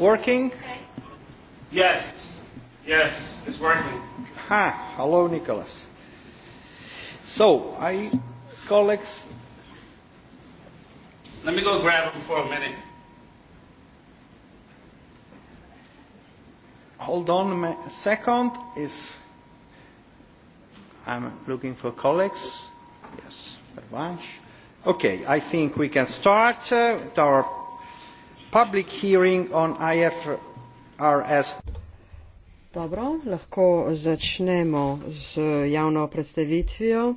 Working? Yes. Yes, it's working. Ha. Hello, Nicholas. So, I, colleagues. Let me go grab him for a minute. Hold on a second. Is I'm looking for colleagues. Yes, advance. Okay, I think we can start uh, with our public hearing on IFRS. Dobro, lahko začnemo z javno predstavitvijo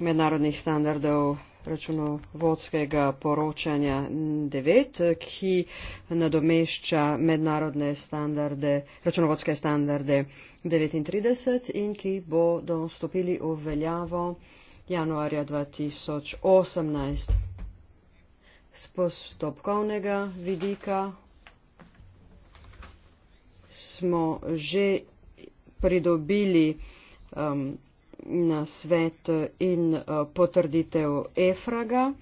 mednarodnih standardov računovodskega poročanja 9, ki nadomešča mednarodne standarde, računovodske standarde 39 in ki bodo stopili v veljavo januarja 2018 z postopkovnega vidika smo že pridobili um, na svet in uh, potrditev Efraga.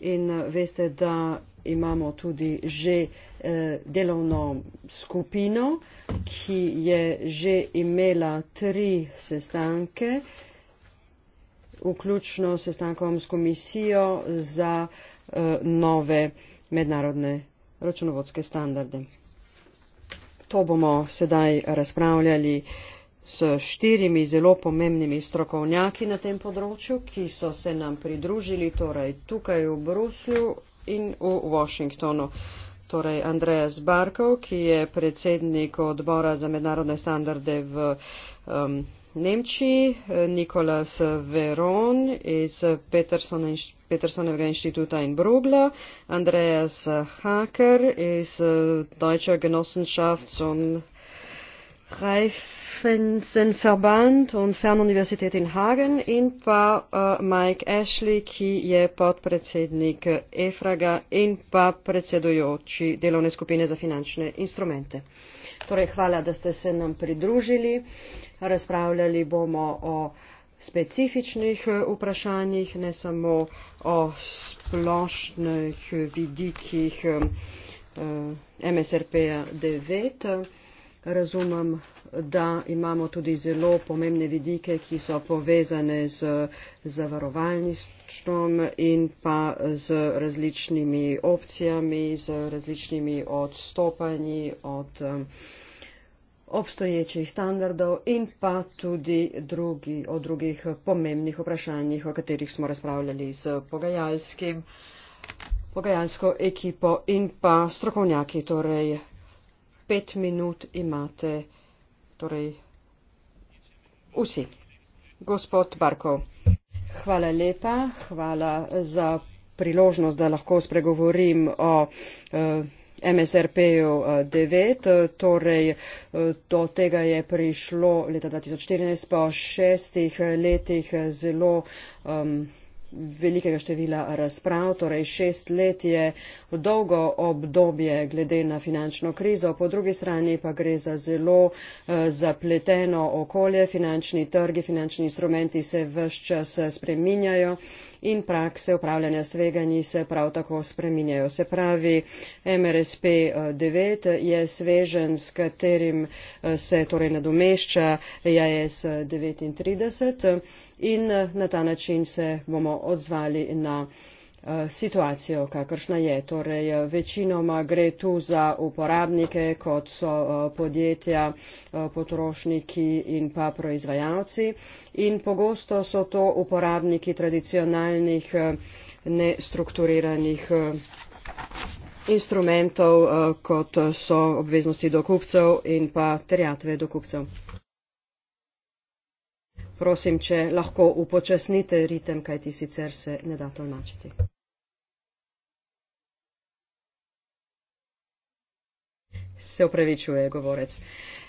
In uh, veste, da imamo tudi že eh, delovno skupino, ki je že imela tri sestanke eh, vključno s sestankom s komisijo za uh, nove mednarodne računovodske standarde. To bomo sedaj razpravljali s štirimi zelo pomembnimi strokovnjaki na tem področju, ki so se nam pridružili torej tukaj v Bruslju in v Washingtonu. Torej Andreas Barkov, ki je predsednik odbora za mednarodne standarde v um, Nemčiji, eh, Nikolas Veron iz Petersonovega inštituta in Brugla, Andreas Haker iz eh, Deutsche Genossenschaft und Reifensenverband und Fernuniversität in Hagen in pa uh, Mike Ashley, ki je podpredsednik EFRAGA in pa predsedujoči delovne skupine za finančne instrumente. Torej, hvala, da ste se nam pridružili. Razpravljali bomo o specifičnih eh, vprašanjih, ne samo o splošnih vidikih eh, eh, MSRP-a 9. Razumem da imamo tudi zelo pomembne vidike, ki so povezane z zavarovalništvom in pa z različnimi opcijami, z različnimi odstopanji od um, obstoječih standardov in pa tudi drugi, o drugih pomembnih vprašanjih, o katerih smo razpravljali z pogajalskim pogajalsko ekipo in pa strokovnjaki, torej pet minut imate torej vsi. Gospod Barkov. Hvala lepa, hvala za priložnost, da lahko spregovorim o eh, MSRP-ju 9. Eh, torej, eh, do tega je prišlo leta 2014 po šestih letih eh, zelo. Eh, velikega števila razprav, torej šest let je dolgo obdobje glede na finančno krizo, po drugi strani pa gre za zelo eh, zapleteno okolje, finančni trgi, finančni instrumenti se v vse čas eh, spreminjajo in prakse upravljanja s tveganji se prav tako spreminjajo. Se pravi, MRSP 9 eh, je svežen, s katerim eh, se torej nadomešča JAS e 39 eh, in na ta način se bomo odzvali na Eh, situacijo, kakršna je. Torej, večinoma gre tu za uporabnike, kot so eh, podjetja, eh, potrošniki in pa proizvajalci. In pogosto so to uporabniki tradicionalnih nestrukturiranih instrumentov, kot so obveznosti do kupcev in pa terjatve do kupcev. Prosim, če lahko upočasnite ritem, kajti sicer se ne da tolmačiti. se upravičuje govorec.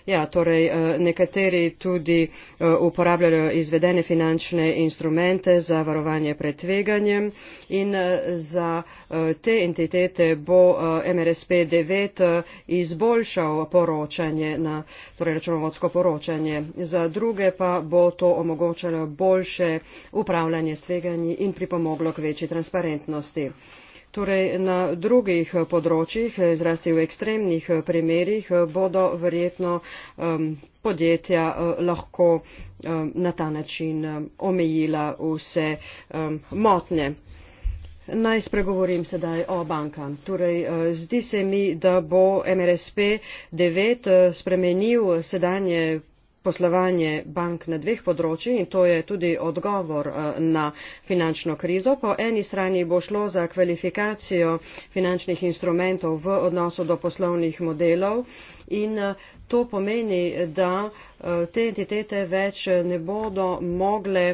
Ja, torej eh, nekateri tudi eh, uporabljajo izvedene finančne instrumente za varovanje pred tveganjem in eh, za te entitete bo MRSP 9 izboljšal poročanje na torej računovodsko poročanje, za druge pa bo to omogočalo boljše upravljanje s tveganji in pripomoglo k večji transparentnosti torej na drugih eh, področjih eh, zlasti v ekstremnih eh, primerih bodo verjetno um, podjetja lahko um, na ta način omejila vse um, motnje. Naj spregovorim sedaj o bankam. Torej, zdi se mi, da bo MRSP 9 spremenil sedanje poslovanje bank na dveh področjih in to je tudi odgovor eh, na finančno krizo. Po eni strani bo šlo za kvalifikacijo finančnih instrumentov v odnosu do poslovnih modelov in eh, to pomeni, da eh, te entitete več ne bodo mogle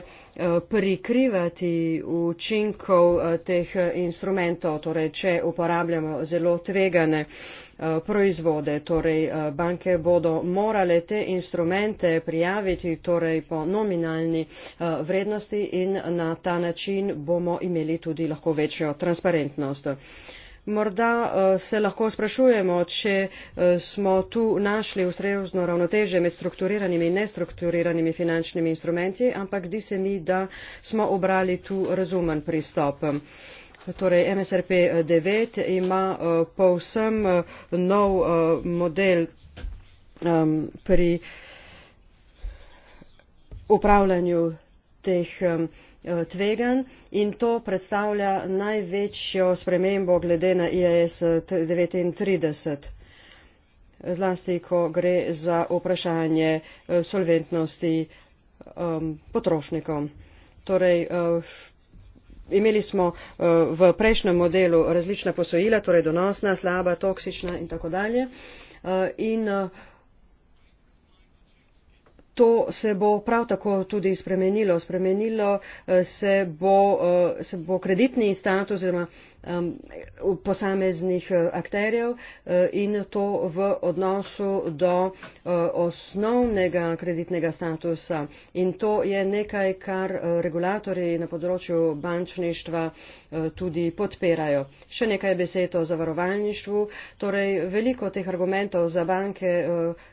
prikrivati učinkov teh instrumentov, torej če uporabljamo zelo tvegane Eh, proizvode torej eh, banke bodo morale te instrumente prijaviti torej po nominalni eh, vrednosti in na ta način bomo imeli tudi lahko večjo transparentnost. Morda se lahko sprašujemo, če smo tu našli ustrezno ravnoteže med strukturiranimi in nestrukturiranimi finančnimi instrumenti, ampak zdi se mi, da smo obrali tu razumen pristop torej MSRP 9 eh, ima eh, povsem eh, nov model pri upravljanju teh tvegan in to predstavlja največjo spremembo glede na IAS 39, zlasti ko gre za vprašanje solventnosti potrošnikov. Torej, imeli smo eh, v prejšnjem modelu različna posojila torej donosna slaba toksična in tako dalje eh, in eh, to se bo prav tako tudi spremenilo spremenilo se bo se bo kreditni status oziroma Um, posameznih eh, akterjev eh, in to v odnosu do eh, osnovnega kreditnega statusa. In to je nekaj, kar regulatori na področju bančništva tudi podpirajo. Še nekaj besed o zavarovalništvu. Torej, veliko teh argumentov za banke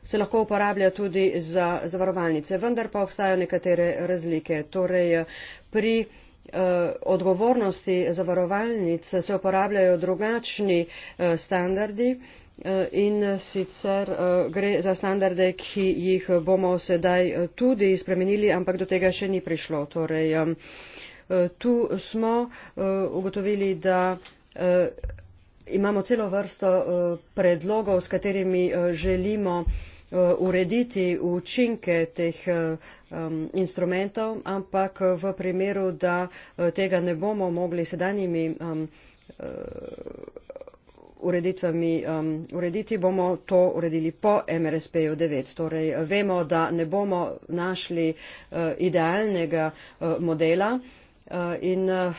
se lahko uporablja tudi za zavarovalnice, vendar pa obstajajo nekatere razlike. Torej, pri Eh, odgovornosti zavarovalnic se uporabljajo drugačni eh, standardi eh, in sicer gre za standarde, ki jih bomo sedaj tudi spremenili, ampak do tega še ni prišlo. Torej, tu smo ugotovili, da imamo celo vrsto predlogov, s katerimi želimo Eh, urediti učinke teh um, instrumentov, ampak v primeru, da eh, tega ne bomo mogli sedanjimi um, ureditvami um, urediti, bomo to uredili po MRSP-ju 9. Torej, vemo, da ne bomo našli uh, idealnega uh, modela uh, in uh,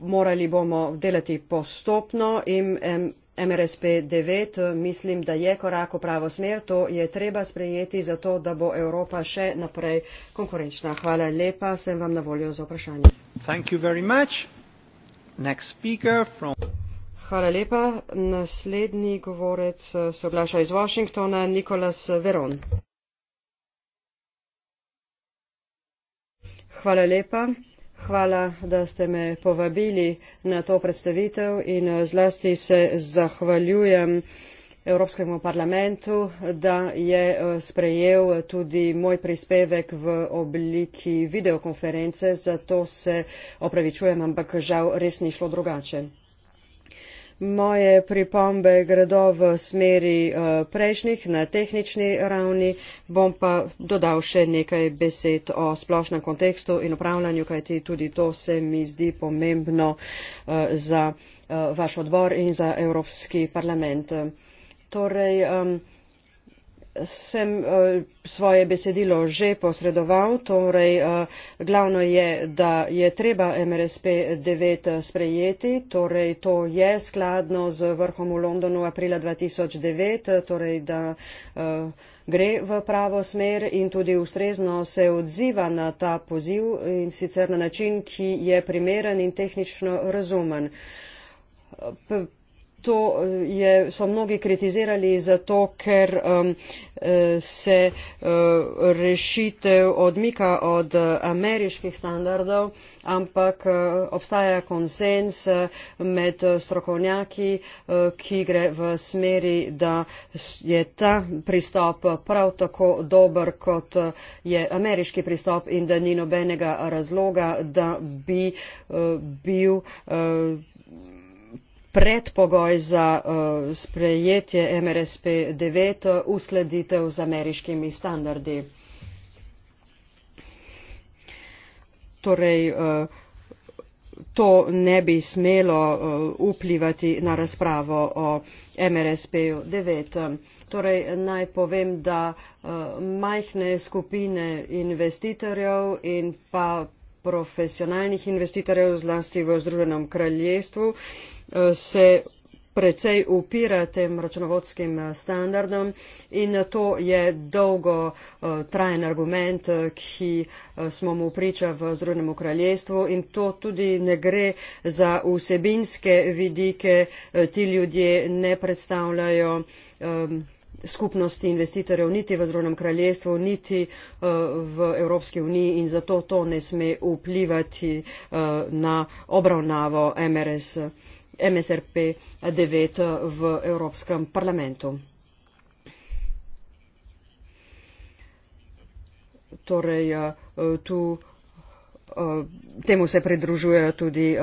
morali bomo delati postopno in um, mrsp devet mislim da je korak v pravo smer to je treba sprejeti zato da bo evropa še naprej konkurenčna hvala lepa sem vam na voljo za vprašanje hvala lepa naslednji govorec eh, se oglaša iz washingtona nikolas veron hvala lepa Hvala, da ste me povabili na to predstavitev in eh, zlasti se zahvaljujem Evropskemu parlamentu, da je eh, sprejel tudi moj prispevek v obliki videokonference, zato se opravičujem, ampak žal res ni šlo drugače. Moje pripombe gredo v smeri eh, prejšnjih na tehnični ravni, bom pa dodal še nekaj besed o splošnem kontekstu in upravljanju, kajti tudi to se mi zdi pomembno eh, za eh, vaš odbor in za Evropski parlament. Torej, um, sem eh, svoje besedilo že posredoval, torej eh, glavno je, da je treba MRSP 9 eh, sprejeti, torej to je skladno z vrhom v Londonu aprila 2009, torej da gre v pravo smer in tudi ustrezno se odziva na ta poziv in sicer na način, ki je primeren in tehnično razumen svetu eh, je, so mnogi kritizirali zato, ker um, eh, se uh, rešitev odmika od ameriških standardov, ampak uh, obstaja konsens med strokovnjaki, uh, ki gre v smeri, da je ta pristop prav tako dober, kot je ameriški pristop in da ni nobenega razloga, da bi uh, bil. Uh, predpogoj za uh, sprejetje MRSP 9, eh, uskladitev z ameriškimi standardi. Torej, uh, to ne bi smelo uh, vplivati na razpravo o MRSP 9. Torej, naj povem, da uh, majhne skupine investitorjev in pa profesionalnih investitorjev zlasti v Združenem kraljestvu uh, se precej upira tem računovodskim eh, standardom in to je dolgo eh, trajen argument, eh, ki smo mu priča v Združenem kraljestvu in to tudi ne gre za vsebinske vidike, ti ljudje ne predstavljajo ehm, skupnosti investitorjev niti v Združenem kraljestvu, niti uh, v Evropski uniji in zato to ne sme vplivati uh, na obravnavo MRS. MSRP 9 v Evropskem parlamentu. Torej, eh, tu eh, temu se pridružujejo tudi eh,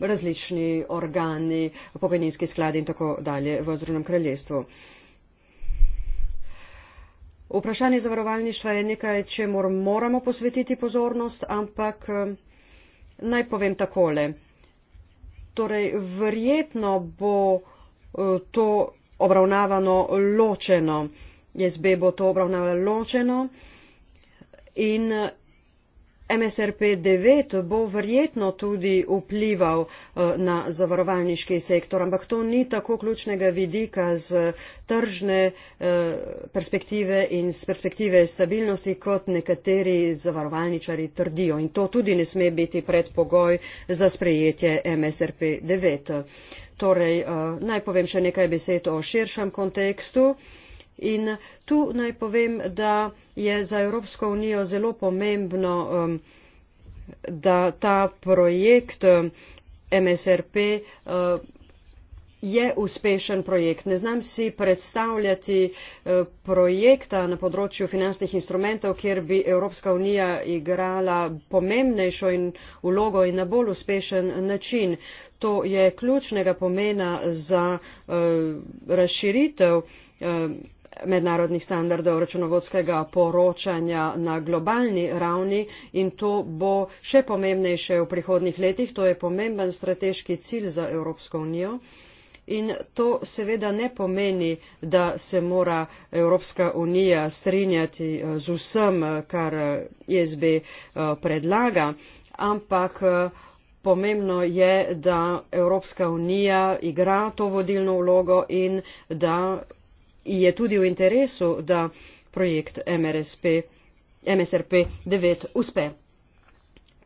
različni organi, pokojninski skladi in tako dalje v Združenem kraljestvu. Vprašanje zavarovalništva je nekaj, če moramo posvetiti pozornost, ampak naj povem takole. Torej, verjetno bo eh, to obravnavano ločeno. SB bo to obravnavalo ločeno in MSRP 9 bo verjetno tudi vplival eh, na zavarovalniški sektor, ampak to ni tako ključnega vidika z tržne eh, perspektive in z perspektive stabilnosti, kot nekateri zavarovalničari trdijo. In to tudi ne sme biti predpogoj za sprejetje MSRP 9. Torej, eh, naj povem še nekaj besed o širšem kontekstu in tu naj povem da je za evropsko unijo zelo pomembno um, da ta projekt MSRP um, uh, je uspešen projekt. Ne znam si predstavljati uh, projekta na področju finančnih instrumentov, kjer bi Evropska unija igrala pomembnejšo in vlogo in na bolj uspešen način. To je ključnega pomena za uh, razširitev mednarodnih standardov računovodskega poročanja na globalni ravni in to bo še pomembnejše v prihodnih letih. To je pomemben strateški cilj za Evropsko unijo. In to seveda ne pomeni, da se mora Evropska unija strinjati eh, z vsem, kar ISB eh, eh, predlaga, ampak pomembno je, da Evropska unija igra to vodilno vlogo in da je tudi v interesu da projekt MRSP, msrp devet uspe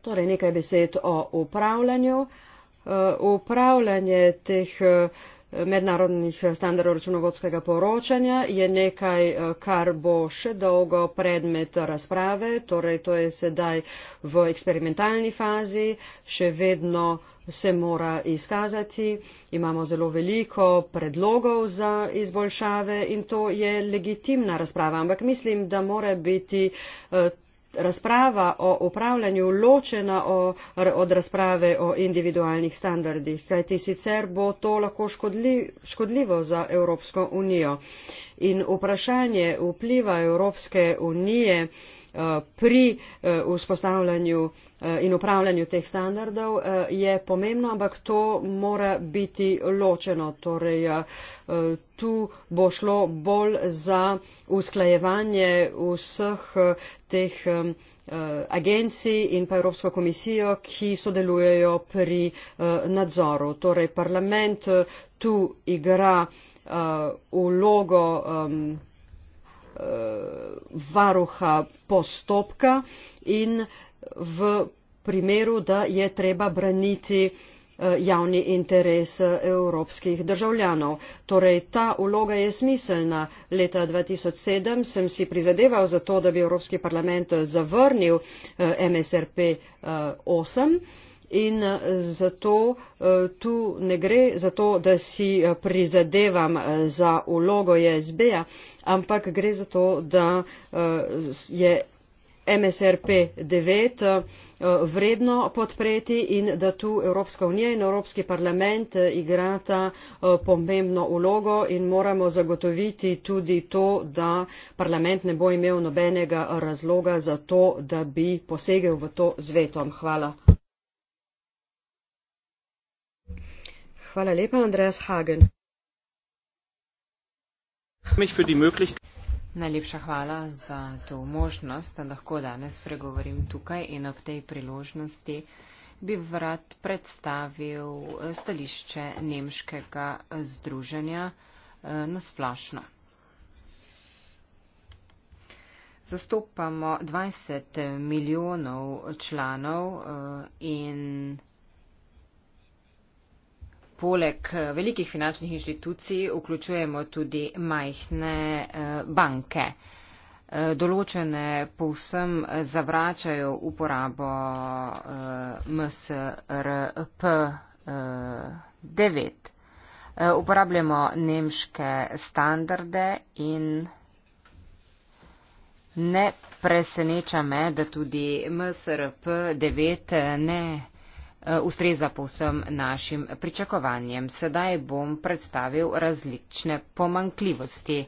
torej nekaj besed o upravljanju eh, upravljanje teh eh, mednarodnih standardov računovodskega poročanja je nekaj, eh, kar bo še dolgo predmet razprave, torej to je sedaj v eksperimentalni fazi, še vedno se mora izkazati, imamo zelo veliko predlogov za izboljšave in to je legitimna razprava, ampak mislim, da mora biti eh, razprava o upravljanju ločena od razprave o individualnih standardih kajti sicer bo to lahko škodljivo za evropsko unijo in vprašanje vpliva evropske unije Eh, pri eh, vzpostavljanju eh, in upravljanju teh standardov je pomembno, ampak to mora biti ločeno. Torej, tu bo šlo bolj za usklajevanje vseh teh agencij in pa Evropsko komisijo, ki sodelujejo pri nadzoru. Torej, parlament tu igra vlogo um, Eh, varuha postopka in v primeru, da je treba braniti eh, javni interes eh, evropskih državljanov. Torej, ta vloga je smiselna. Leta 2007 sem si prizadeval za to, da bi Evropski parlament zavrnil MSRP 8 in eh, zato eh, tu ne gre za to, da si eh, prizadevam za ulogo JSB-ja, e ampak gre za to, da je MSRP 9 vredno podpreti in da tu Evropska unija in Evropski parlament igrata pomembno ulogo in moramo zagotoviti tudi to, da parlament ne bo imel nobenega razloga za to, da bi posegel v to z vetom. Hvala. Hvala lepa, Andreas Hagen. Najlepša hvala za to možnost, da lahko danes pregovorim tukaj in ob tej priložnosti bi vrat predstavil eh, stališče Nemškega eh, združenja eh, na splošno. Zastopamo 20 milijonov članov in poleg eh, velikih finančnih inštitucij vključujemo tudi majhne eh, banke. Eh, določene povsem zavračajo uporabo MSRP9. Uporabljamo nemške standarde in ne preseneča me, da tudi MSRP9 ne. Eh, ustreza povsem našim pričakovanjem. Sedaj bom predstavil različne pomankljivosti.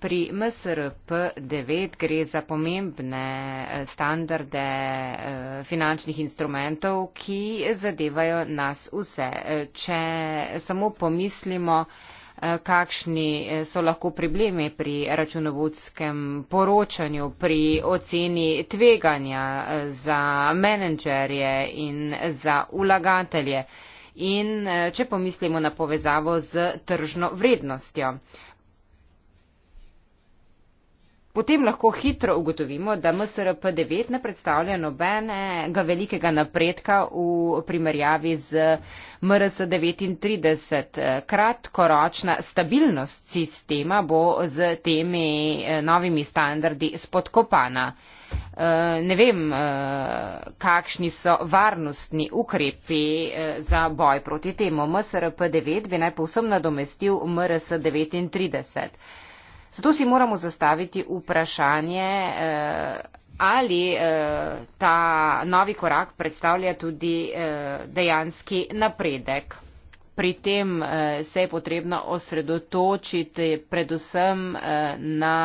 Pri MSRP 9 gre za pomembne eh, standarde eh, finančnih instrumentov, ki zadevajo nas vse. Če samo pomislimo, Eh, kakšni eh, so lahko problemi pri računovodskem poročanju, pri oceni tveganja eh, za menedžerje in za ulagatelje. In če pomislimo na povezavo z tržno vrednostjo potem lahko hitro ugotovimo, da MSRP9 ne predstavlja nobenega velikega napredka v primerjavi z MRS39. Kratkoročna stabilnost sistema bo z temi eh, novimi standardi spodkopana. Eh, ne vem, eh, kakšni so varnostni ukrepi za boj proti temu. MSRP9 bi naj povsem nadomestil MRS39. Zato si moramo zastaviti vprašanje, eh, ali eh, ta novi korak predstavlja tudi eh, dejanski napredek. Pri tem se je potrebno osredotočiti predvsem na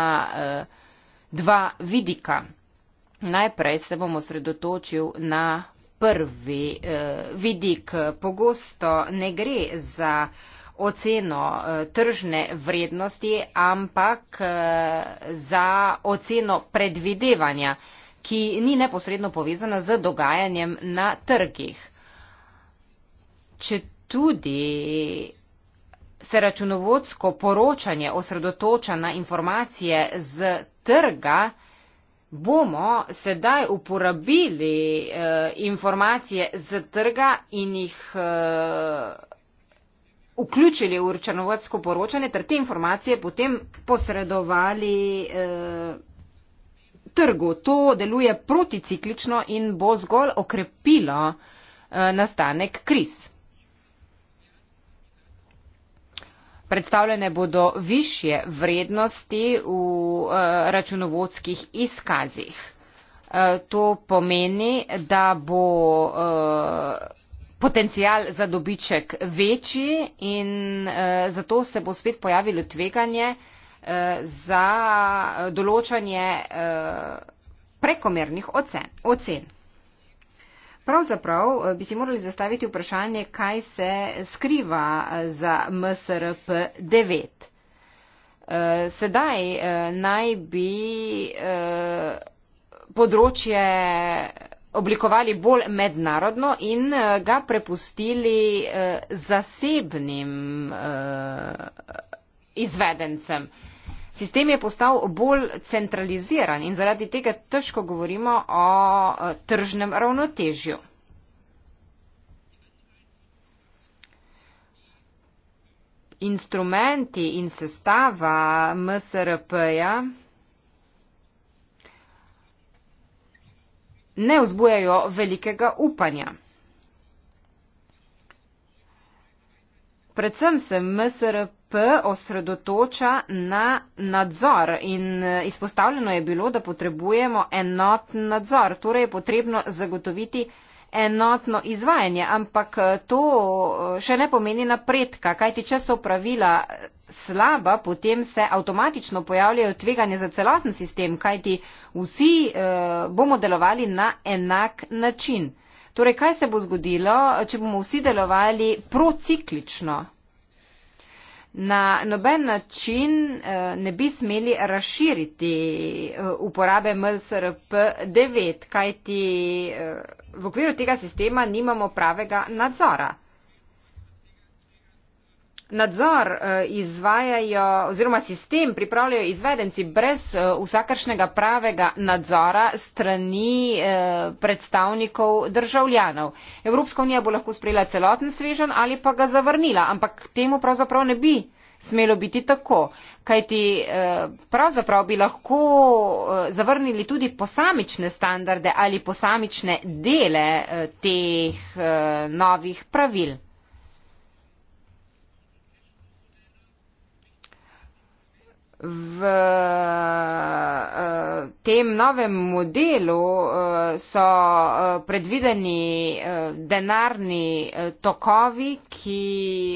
dva vidika. Najprej se bom osredotočil na prvi vidik. Pogosto ne gre za oceno eh, tržne vrednosti, ampak eh, za oceno predvidevanja, ki ni neposredno povezana z dogajanjem na trgih. Če tudi se računovodsko poročanje osredotoča na informacije z trga, bomo sedaj uporabili eh, informacije z trga in jih eh, vključili v računovodsko poročanje ter te informacije potem posredovali eh, trgu. To deluje proticiklično in bo zgolj okrepilo eh, nastanek kriz. Predstavljene bodo više vrednosti v eh, računovodskih izkazih. Eh, to pomeni, da bo. Eh, potencial za dobiček večji in uh, zato se bo spet pojavilo tveganje uh, za določanje uh, prekomernih ocen. ocen. Pravzaprav bi si morali zastaviti vprašanje, kaj se skriva za MSRP 9. Sedaj naj bi področje oblikovali bolj mednarodno in eh, ga prepustili eh, zasebnim eh, izvedencem. Sistem je postal bolj centraliziran in zaradi tega težko govorimo o tržnem ravnotežju. Instrumenti in sestava MSRP-ja ne vzbujajo velikega upanja. Predvsem se MSRP osredotoča na nadzor in e, izpostavljeno je bilo, da potrebujemo enotni nadzor, torej je potrebno zagotoviti enotno izvajanje, ampak eh, to eh, še ne pomeni napredka, kajti če so pravila eh, slaba, potem se avtomatično pojavljajo tveganje za celoten sistem, kajti vsi eh, bomo delovali na enak način. Torej, kaj se bo zgodilo, če bomo vsi delovali prociklično? na noben način eh, ne bi smeli razširiti eh, uporabe MSRP 9, kajti eh, v okviru tega sistema nimamo pravega nadzora nadzor eh, izvajajo oziroma sistem pripravljajo izvedenci brez eh, vsakršnega pravega nadzora strani eh, predstavnikov državljanov. Evropska unija bo lahko sprejela celoten svežen ali pa ga zavrnila, ampak temu pravzaprav ne bi smelo biti tako, kajti pravzaprav bi lahko zavrnili tudi posamične standarde ali posamične dele teh novih pravil. v uh, tem novem modelu uh, so uh, predvideni uh, denarni uh, tokovi, ki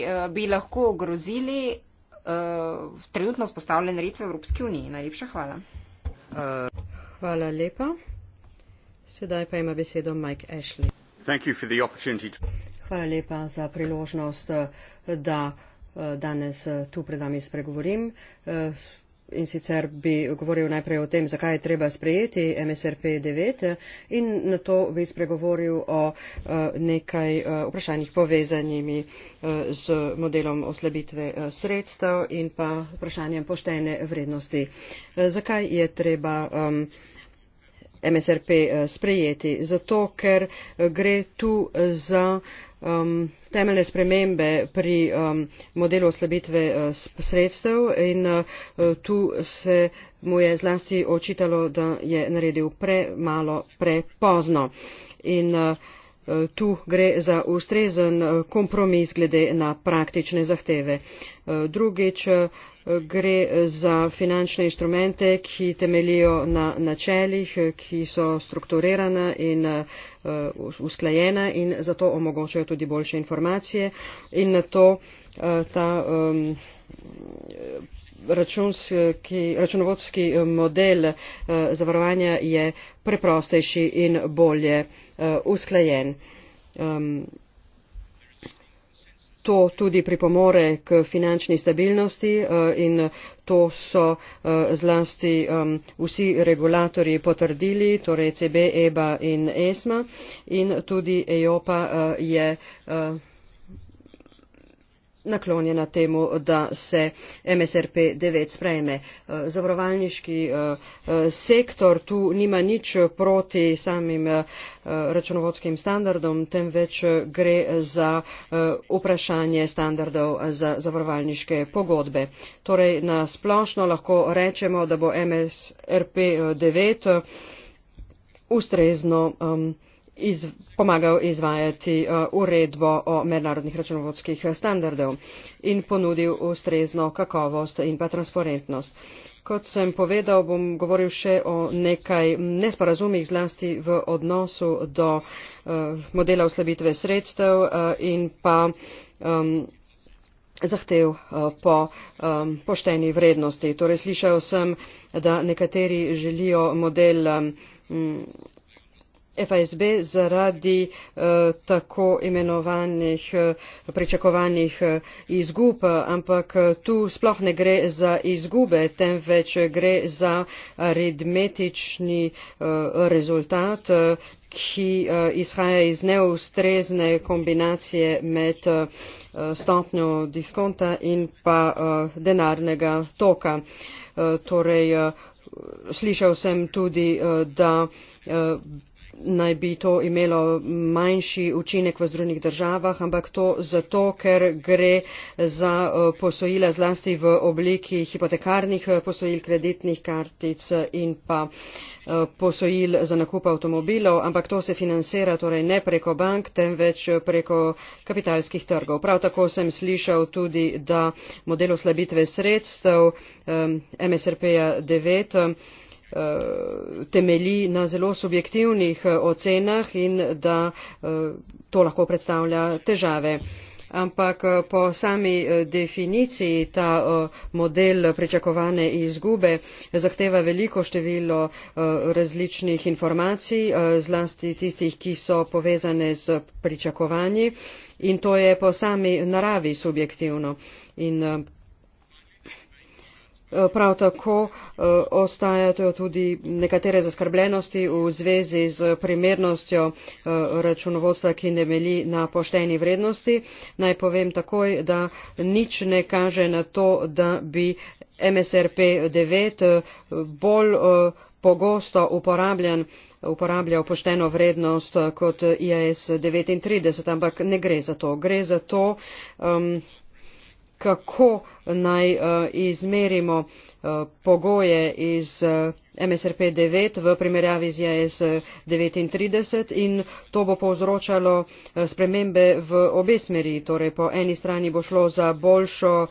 uh, bi lahko ogrozili uh, trenutno spostavljen red v Evropski uniji. Najlepša hvala. Uh. Hvala lepa. Sedaj pa ima besedo Mike Ashley. Hvala lepa za priložnost, da. Eh, danes eh, tu pred nami spregovorim. Eh, in sicer bi govoril najprej o tem, zakaj je treba sprejeti MSRP 9 in na to bi spregovoril o nekaj vprašanjih povezanimi z modelom oslabitve sredstev in pa vprašanjem poštene vrednosti. Zakaj je treba MSRP sprejeti? Zato, ker gre tu za Um, temeljne spremembe pri um, modelu oslabitve uh, sredstev in uh, tu se mu je zlasti očitalo da je naredil premalo prepozno in uh, tu gre za ustrezen eh, kompromis glede na praktične zahteve. Eh, Drugič, eh, gre za finančne instrumente, ki temelijo na načelih, ki so strukturirana in usklajena in zato omogočajo tudi boljše informacije in na to ta um, računski, računovodski eh, model eh, zavarovanja je preprostejši in bolje eh, usklajen. Ehm, to tudi pripomore k finančni stabilnosti in to so zlasti ehm, vsi regulatori potrdili, torej CB, EBA in ESMA in tudi EOPA je naklonjena temu, da se MSRP 9 sprejme. Eh, zavarovalniški eh, eh, sektor tu nima nič proti samim računovodskim standardom, temveč gre za vprašanje standardov za zavarovalniške pogodbe. Torej, na splošno lahko rečemo, da bo MSRP 9 ustrezno um, pomagal izvajati uh, uredbo o mednarodnih računovodskih standardov in ponudil ustrezno kakovost in pa transparentnost. kot sem povedal bom govoril še o nekaj nesporazumih zlasti v odnosu do uh, modela uslabitve sredstev uh, in pa um, zahtev po um, pošteni vrednosti. torej slišal sem da nekateri želijo model um, FSB zaradi eh, tako imenovanih eh, pričakovanih eh, izgub, ampak eh, tu sploh ne gre za izgube, temveč gre za aritmetični eh, rezultat, eh, ki eh, izhaja iz neustrezne kombinacije med eh, stopnjo diskonta in pa eh, denarnega toka. Eh, torej, eh, slišal sem tudi, eh, da. Eh, naj bi to imelo manjši učinek v združenih državah, ampak to zato, ker gre za eh, posojila zlasti v obliki hipotekarnih eh, posojil, kreditnih kartic in pa eh, posojil za nakup avtomobilov, ampak to se financira torej ne preko bank, temveč preko kapitalskih trgov. Prav tako sem slišal tudi, da model oslabitve sredstev MSRP-ja 9 Eh, temelji na zelo subjektivnih eh, ocenah in da eh, to lahko predstavlja težave. Ampak po sami definiciji ta model pričakovane izgube zahteva veliko število različnih informacij, zlasti tistih, ki so povezane z pričakovanji in to je po sami naravi subjektivno. In Prav tako e, ostajajo tudi nekatere zaskrbljenosti v zvezi z primernostjo e, računovodstva, ki ne meli na pošteni vrednosti. Naj povem takoj, da nič ne kaže na to, da bi MSRP 9 e, bolj pogosto uporabljen uporablja pošteno vrednost kot IAS 39, ampak ne gre za to. Gre za to, um, kako naj uh, izmerimo uh, pogoje iz uh, eh, MSRP 9 v primerjavi z JS 39 in to bo povzročalo uh, spremembe v obe smeri. Torej po eni strani bo šlo za boljšo uh,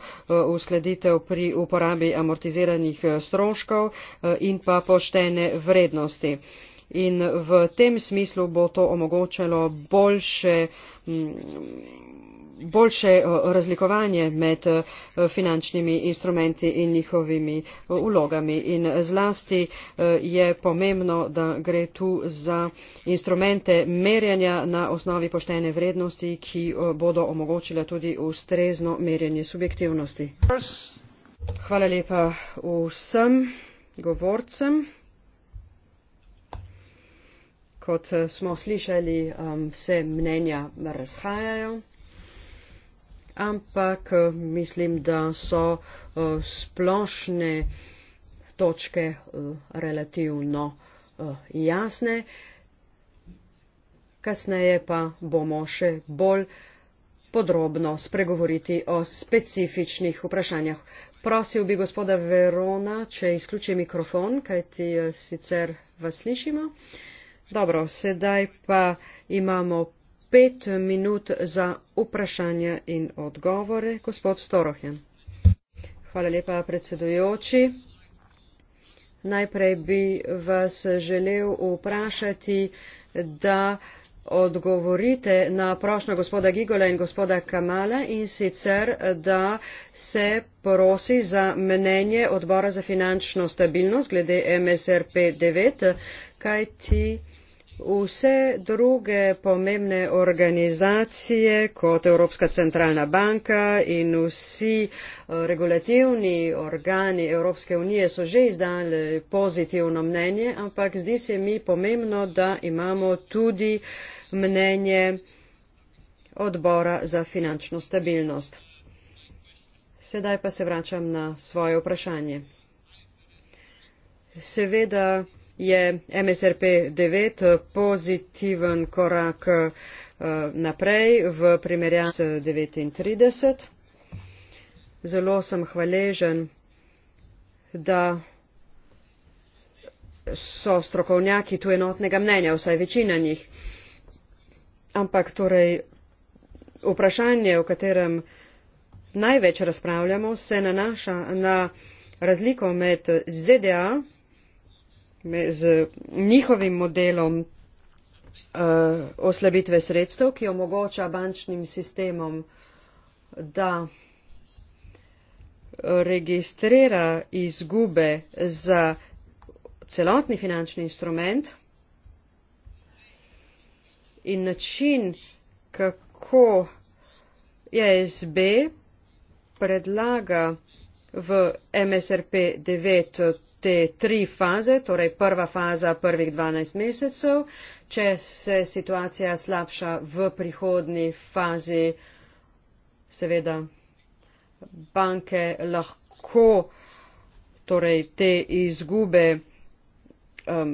uskladitev pri uporabi amortiziranih stroškov uh, in pa poštene vrednosti. Uh, in v tem smislu bo to omogočalo boljše, boljše eh, razlikovanje med eh, finančnimi instrumenti in njihovimi ulogami. Eh, in zlasti je pomembno, da gre tu za instrumente merjanja na osnovi poštene vrednosti, ki bodo omogočile tudi ustrezno merjanje subjektivnosti. Hvala lepa vsem govorcem. Kot eh, smo slišali, um, se mnenja razhajajo, ampak eh, mislim, da so eh, splošne točke relativno jasne. Kasneje pa bomo še bolj podrobno spregovoriti o specifičnih vprašanjah. Prosil bi gospoda Verona, če izključi mikrofon, kajti sicer vas slišimo. Dobro, sedaj pa imamo pet minut za vprašanja in odgovore. Gospod Storohen. Hvala lepa, predsedujoči. Najprej bi vas želel vprašati, da odgovorite na prošnjo gospoda Gigola in gospoda Kamala in sicer, da se prosi za mnenje odbora za finančno stabilnost glede MSRP 9, kaj ti vse druge pomembne organizacije kot Evropska centralna banka in vsi eh, regulativni organi Evropske unije so že izdali pozitivno mnenje, ampak zdi se mi pomembno, da imamo tudi mnenje odbora za finančno stabilnost. Sedaj pa se vračam na svoje vprašanje. Seveda je mrp devet pozitiven korak eh, naprej v primerjavi s devetintrideset zelo sem hvaležen da so strokovnjaki tu enotnega mnenja vsaj večina njih ampak torej vprašanje o katerem največ razpravljamo se nanaša na razliko med zda z njihovim modelom uh, oslabitve sredstev, ki omogoča bančnim sistemom, da registrira izgube za celotni finančni instrument in način, kako ESB predlaga v MSRP 9 te tri faze, torej prva faza prvih 12 mesecev, če se situacija slabša v prihodni fazi, seveda banke lahko torej, te izgube um,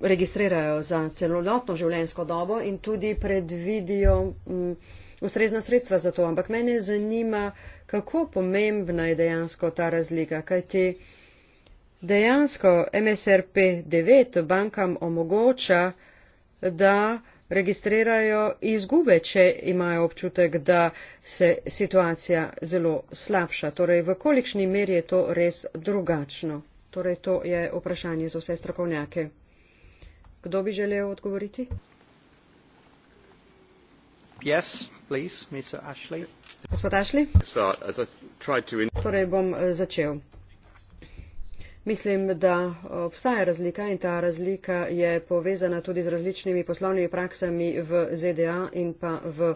registrirajo za celolotno življenjsko dobo in tudi predvidijo um, ustrezna sredstva za to. Ampak mene zanima, kako pomembna je dejansko ta razlika, kaj ti dejansko MSRP 9 bankam omogoča, da registrirajo izgube, če imajo občutek, da se situacija zelo slabša. Torej, v kolikšni meri je to res drugačno? Torej, to je vprašanje za vse strokovnjake. Kdo bi želel odgovoriti? Yes, please, Mr. Ashley. Gospod Ashley? So, as I tried to... Torej, bom eh, začel. Mislim, da obstaja razlika in ta razlika je povezana tudi z različnimi poslovnimi praksami v ZDA in pa v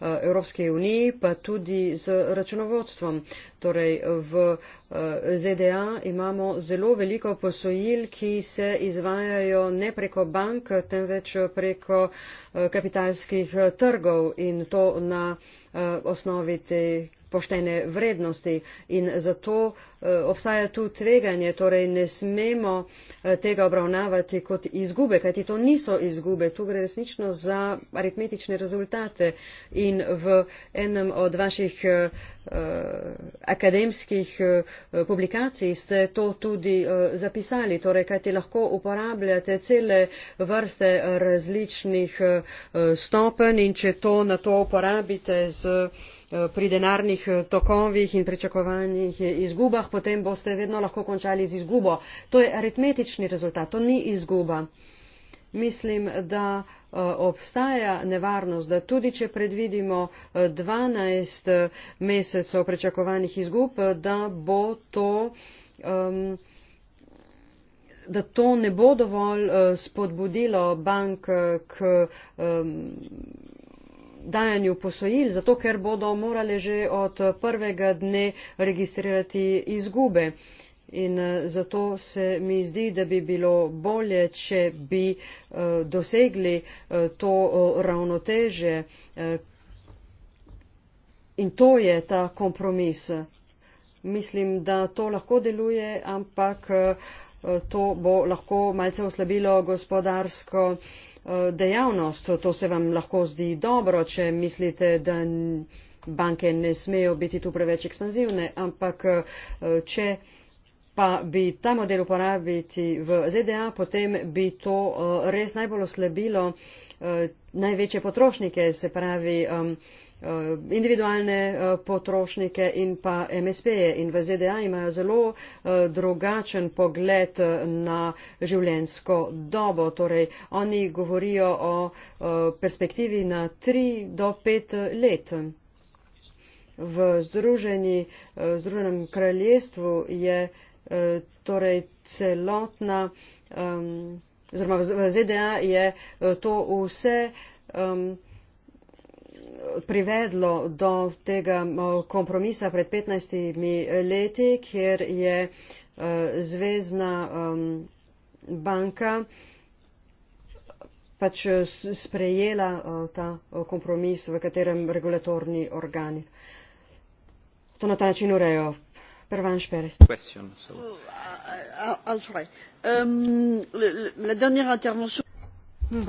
eh, Evropske unije, pa tudi z računovodstvom. Torej, v eh, ZDA imamo zelo veliko posojil, ki se izvajajo ne preko bank, temveč preko eh, kapitalskih trgov in to na osnovi te poštene vrednosti in zato eh, obstaja tu tveganje, torej ne smemo eh, tega obravnavati kot izgube, kajti to niso izgube, tu gre resnično za aritmetične rezultate in v enem od vaših eh, akademskih publikacij ste to tudi zapisali, torej kajti lahko uporabljate cele vrste različnih stopenj in če to na to uporabite z Eh, pri denarnih eh, tokovih in pričakovanjih eh, izgubah, potem boste vedno lahko končali z izgubo. To je aritmetični rezultat, to ni izguba. Mislim, da obstaja nevarnost, da tudi če predvidimo 12 mesecev pričakovanih izgub, da bo to. Um, da to ne bo dovolj spodbudilo bank k um, dajanju posojil, zato ker bodo morali že od prvega dne registrirati izgube. In eh, zato se mi zdi, da bi bilo bolje, če bi eh, dosegli eh, to ravnoteže. In to je ta kompromis. Mislim, da to lahko deluje, ampak to bo lahko malce oslabilo gospodarsko uh, Eh, dejavnost to se vam lahko zdi dobro če mislite da banke ne smejo biti tu preveč ekspanzivne ampak eh, če pa bi ta model uporabiti v ZDA potem bi to eh, res najbolj oslabilo največje potrošnike se pravi um, Eh, individualne eh, potrošnike in pa MSP-je. In v ZDA imajo zelo eh, drugačen pogled na življensko dobo. Torej, oni govorijo o perspektivi na 3 do 5 let. V Združeni, Združenem kraljestvu je torej celotna, oziroma v ZDA je to vse privedlo do tega kompromisa pred 15 leti, kjer je eh, Zvezna banka pač eh, sprejela eh, ta kompromis, v katerem regulatorni organi to na ta način urejo. Question, so. Oh, I'll try. Um, la dernière intervention. Mm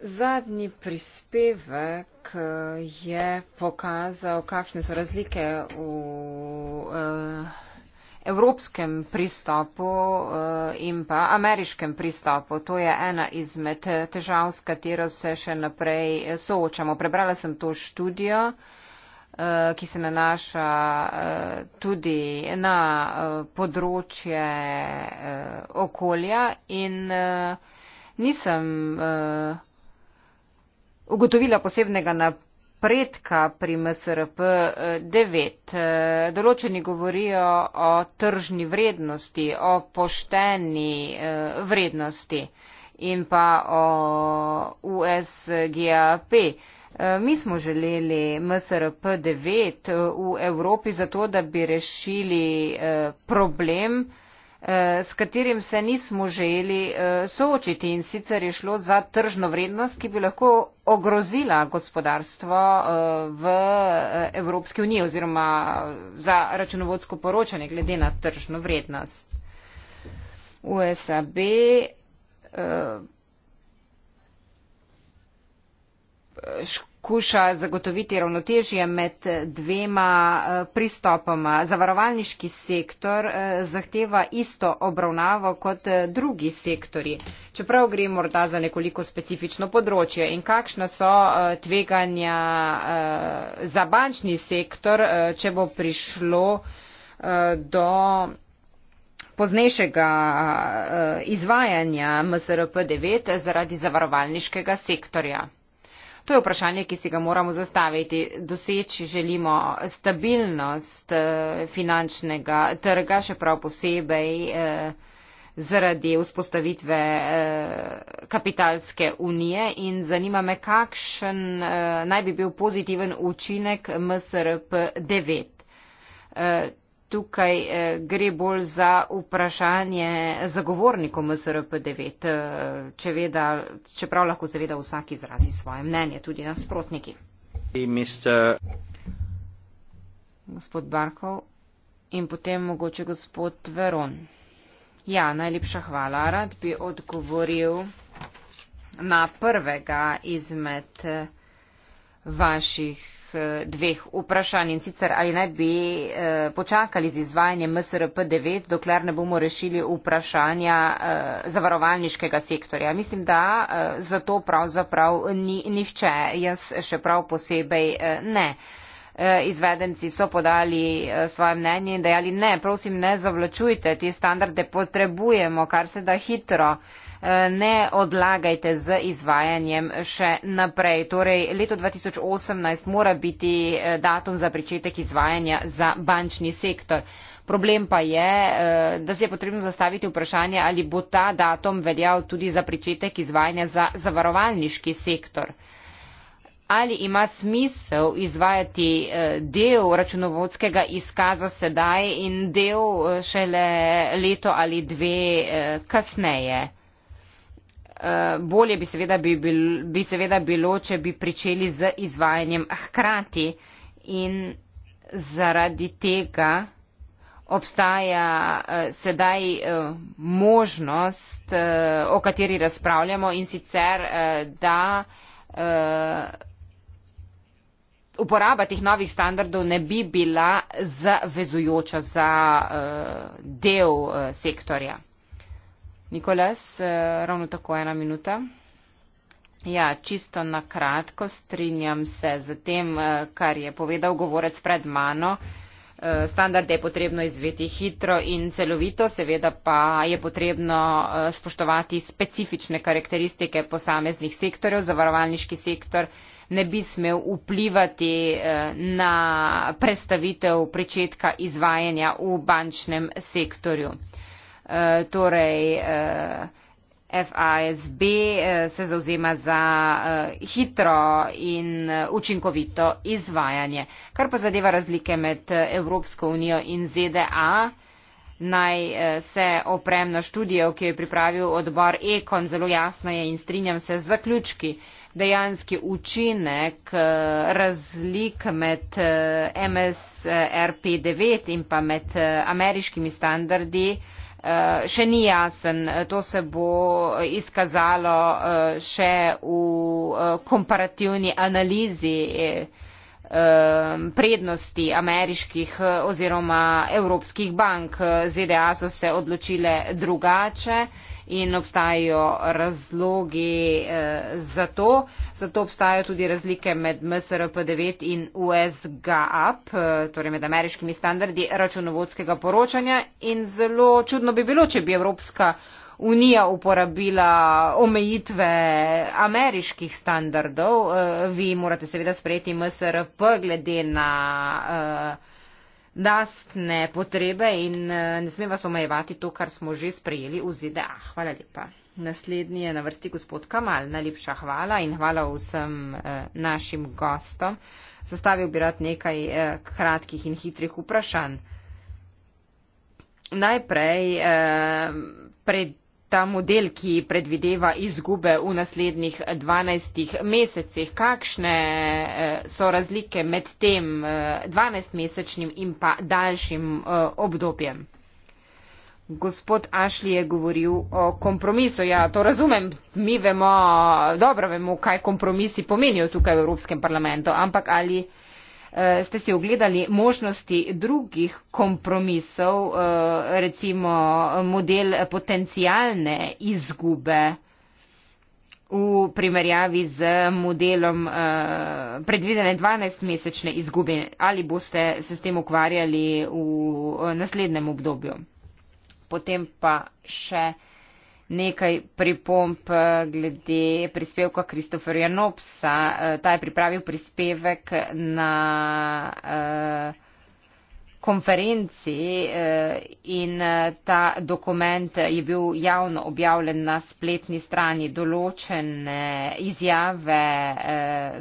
zadnji prispevek eh, je pokazal, kakšne so razlike v eh, evropskem pristopu eh, in pa ameriškem pristopu. To je ena izmed težav, s katero se še naprej soočamo. Prebrala sem to študijo, ki se nanaša tudi na področje okolja in nisem ugotovila posebnega napredka pri MSRP 9. Eh, eh, določeni govorijo o tržni vrednosti, o pošteni eh, vrednosti in pa o USGAP. Mi smo želeli MSRP 9 v Evropi zato, da bi rešili problem, Eh, s katerim se nismo želi eh, soočiti in sicer je šlo za tržno vrednost, ki bi lahko ogrozila gospodarstvo eh, v Evropski uniji oziroma za računovodsko poročanje glede na tržno vrednost. USAB škodi skuša zagotoviti ravnotežje med dvema eh, pristopoma. Zavarovalniški sektor eh, zahteva isto obravnavo kot eh, drugi sektori, čeprav gre morda za nekoliko specifično področje. In kakšna so tveganja za bančni sektor, če bo prišlo do poznejšega izvajanja MSRP-9 zaradi zavarovalniškega sektorja. To je vprašanje, ki si ga moramo zastaviti. Doseči želimo stabilnost eh, finančnega trga, še prav posebej eh, zaradi vzpostavitve eh, kapitalske unije. In zanima me, kakšen naj bi bil pozitiven učinek MSRP 9 tukaj eh, gre bolj za vprašanje zagovornikov MSRP9, eh, čeprav lahko seveda vsak izrazi svoje mnenje, tudi nasprotniki. Mister... Gospod Barkov in potem mogoče gospod Veron. Ja, najlepša hvala. Rad bi odgovoril na prvega izmed eh, vaših Eh, dveh vprašanj in sicer ali naj bi eh, počakali z izvajanjem MSRP 9, dokler ne bomo rešili vprašanja eh, zavarovalniškega sektorja. Mislim, da za to pravzaprav ni nihče, jaz še prav posebej ne. Izvedenci so podali svoje mnenje in dejali ne, prosim ne zavlačujte, te standarde potrebujemo, kar se da hitro. Eh, ne odlagajte z izvajanjem še naprej. Torej, leto 2018 mora biti eh, datum za pričetek izvajanja za bančni sektor. Problem pa je, eh, da se je potrebno zastaviti vprašanje, ali bo ta datum veljal tudi za pričetek izvajanja za zavarovalniški sektor. Ali ima smisel izvajati del računovodskega izkaza sedaj in del šele leto ali dve kasneje? Eh, bolje bi seveda, bi, bil, bi seveda bilo, če bi pričeli z izvajanjem hkrati in zaradi tega obstaja uh, sedaj uh, možnost, uh, o kateri razpravljamo in sicer, uh, da uh, uporaba teh novih standardov ne bi bila zavezujoča za uh, del uh, sektorja. Nikolas, eh, ravno tako ena minuta. Ja, čisto na kratko strinjam se z tem, eh, kar je povedal govorec pred mano. Eh, standarde je potrebno izveti hitro in celovito, seveda pa je potrebno spoštovati specifične karakteristike posameznih sektorjev. Zavarovalniški sektor ne bi smel vplivati na predstavitev pričetka izvajanja v bančnem sektorju. Eh, torej eh, FASB eh, se zauzema za hitro in učinkovito izvajanje. Kar pa zadeva razlike med Evropsko unijo in ZDA, naj se oprem na študijo, ki jo je pripravil odbor Ekon, zelo jasno je in strinjam se z zaključki. Dejanski učinek razlik med MSRP9 in pa med ameriškimi standardi Eh, še ni jasen. Eh, to se bo izkazalo eh, še v komparativni analizi prednosti ameriških oziroma evropskih bank. ZDA e so se odločile drugače in obstajajo razlogi eh, za to. Zato obstajajo tudi razlike med MSRP9 in USGAP, eh, torej med ameriškimi standardi računovodskega poročanja. In zelo čudno bi bilo, če bi Evropska unija uporabila omejitve ameriških standardov. Eh, vi morate seveda sprejeti MSRP glede na. Eh, lastne potrebe in eh, ne smeva se omejevati to, kar smo že sprejeli v ZDA. Hvala lepa. Naslednji je na vrsti gospod Kamal. Najlepša hvala in hvala vsem eh, našim gostom. Zastavil bi rad nekaj eh, kratkih in hitrih vprašanj. Najprej eh, pred ta model, ki predvideva izgube v naslednjih 12 mesecih, kakšne eh, so razlike med tem 12-mesečnim eh, in pa daljšim eh, obdobjem? Gospod Ašli je govoril o kompromisu. Ja, to razumem. Mi vemo, dobro vemo, kaj kompromisi pomenijo tukaj v Evropskem parlamentu, ampak ali Eh, ste si ogledali možnosti drugih kompromisov, eh, recimo model potencijalne izgube v primerjavi z modelom eh, predvidene 12-mesečne izgube ali boste se s tem ukvarjali v naslednjem obdobju? Potem pa še nekaj pripomp eh, glede prispevka Kristoferja Nopsa. Eh, ta je pripravil prispevek na eh, konferenci in ta dokument je bil javno objavljen na spletni strani. Določene izjave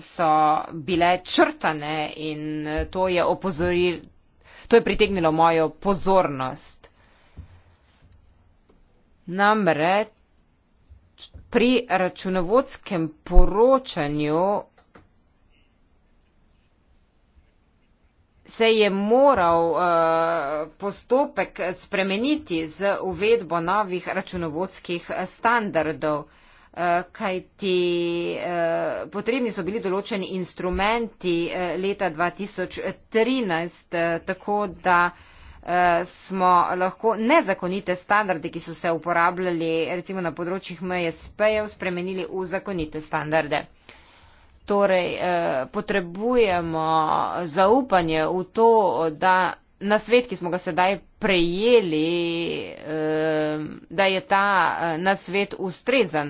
so bile črtane in to je, opozoril, to je pritegnilo mojo pozornost. Namreč pri računovodskem poročanju se je moral uh, postopek spremeniti z uvedbo novih računovodskih standardov, uh, kajti uh, potrebni so bili določeni instrumenti uh, leta 2013, uh, tako da uh, Eh, smo lahko nezakonite standarde, ki so se uporabljali recimo na področjih MSP-jev, spremenili v zakonite standarde. Torej, eh, potrebujemo zaupanje v to, da na svet, ki smo ga sedaj prejeli, eh, da je ta na svet ustrezan.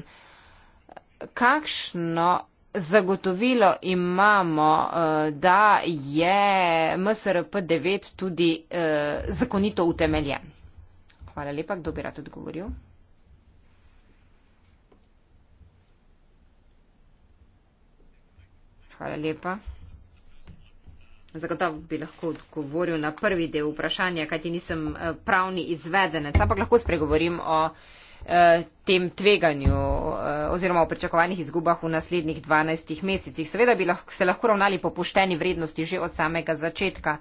Kakšno Zagotovilo imamo, eh, da je MSRP9 tudi eh, zakonito utemeljen. Hvala lepa, kdo bi rad odgovoril. Hvala lepa. Zagotovo bi lahko odgovoril na prvi del vprašanja, kajti nisem eh, pravni izvedenec, ampak lahko spregovorim o. Eh, tem tveganju eh, oziroma o pričakovanih izgubah v naslednjih 12 mesecih. Seveda bi se lahko ravnali po pošteni vrednosti že od samega začetka,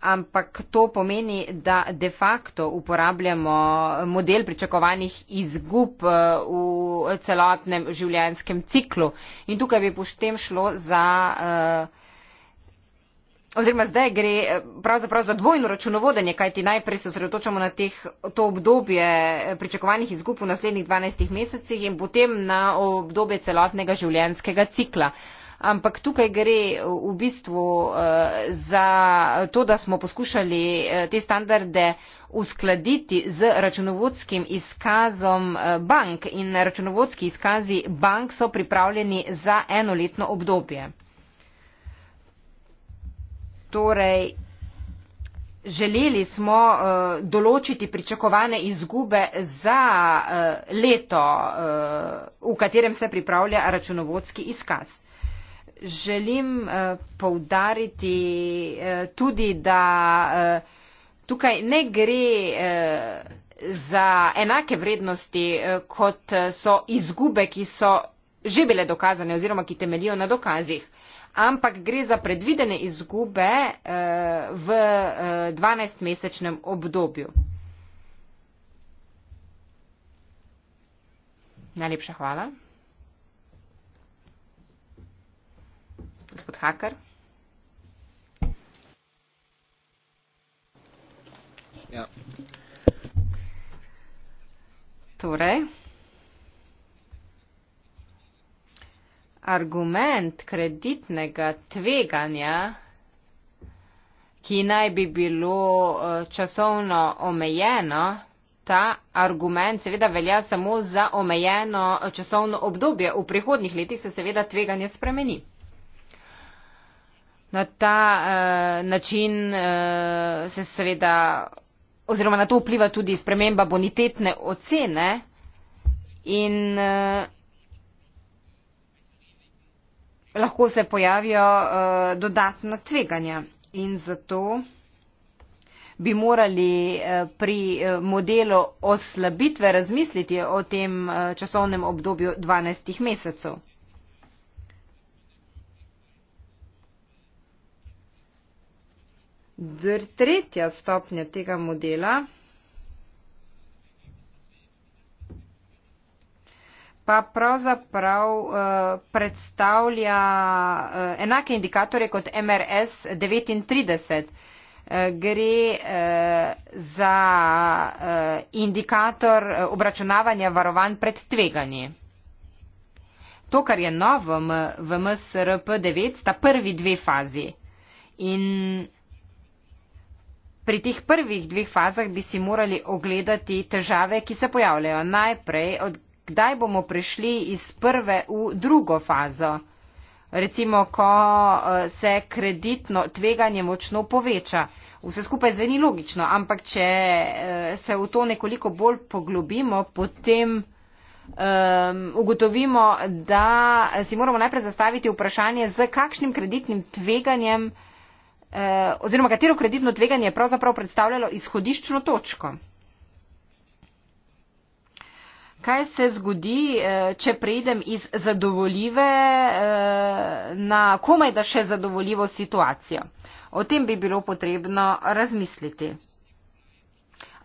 ampak to pomeni, da de facto uporabljamo model pričakovanih izgub eh, v celotnem življenjskem ciklu. In tukaj bi potem šlo za. Uh, oziroma zdaj gre eh, pravzaprav za dvojno računovodanje, kajti najprej se osredotočamo na teh, to obdobje eh, pričakovanih izgub v naslednjih 12 mesecih in potem na obdobje celotnega življenjskega cikla. Ampak tukaj gre eh, v bistvu za to, da smo poskušali te standarde uskladiti z računovodskim izkazom bank in računovodski izkazi bank so pripravljeni za enoletno obdobje. Torej, Želeli smo uh, določiti pričakovane izgube za uh, leto, uh, v katerem se pripravlja računovodski izkaz. Želim uh, poudariti uh, tudi, da uh, tukaj ne gre uh, za enake vrednosti, uh, kot so izgube, ki so že bile dokazane oziroma ki temelijo na dokazih. Uh, ampak gre za predvidene izgube eh, v 12-mesečnem eh, obdobju. Najlepša hvala. Gospod Hakar. Ja. Torej. argument kreditnega tveganja, ki naj bi bilo eh, časovno omejeno, ta argument seveda velja samo za omejeno eh, časovno obdobje. V prihodnih letih se seveda tveganje spremeni. Na ta uh, način uh, se seveda, oziroma na to vpliva tudi sprememba bonitetne ocene in uh, lahko se pojavijo uh, dodatna tveganja in zato bi morali eh, pri eh, modelu oslabitve razmisliti o tem časovnem obdobju 12 mesecev. Tretja stopnja tega modela pa pravzaprav eh, predstavlja eh, enake indikatorje kot MRS 39. Eh, gre za indikator obračunavanja varovanj pred tveganji. To, kar je novo v MSRP 9, sta prvi dve fazi. In pri teh prvih dveh fazah bi si morali ogledati težave, ki se pojavljajo. Najprej, kdaj bomo prešli iz prve v drugo fazo, recimo, ko eh, se kreditno tveganje močno poveča. Vse skupaj zveni logično, ampak če eh, se v to nekoliko bolj poglobimo, potem um, ugotovimo, da si moramo najprej zastaviti vprašanje, z kakšnim kreditnim tveganjem uh, oziroma katero kreditno tveganje je pravzaprav predstavljalo izhodiščno točko. Kaj se zgodi, eh, če preidem iz zadovoljive eh, na komaj da še zadovoljivo situacijo? O tem bi bilo potrebno razmisliti.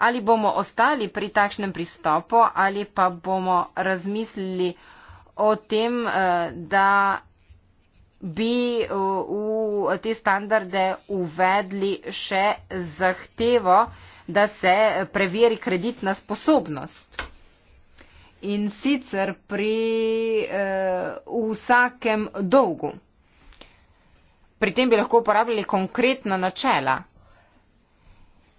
Ali bomo ostali pri takšnem pristopu ali pa bomo razmislili o tem, eh, da bi v te standarde uvedli še zahtevo, da se preveri kreditna sposobnost in sicer pri eh, vsakem dolgu. Pri tem bi lahko uporabljali konkretna načela.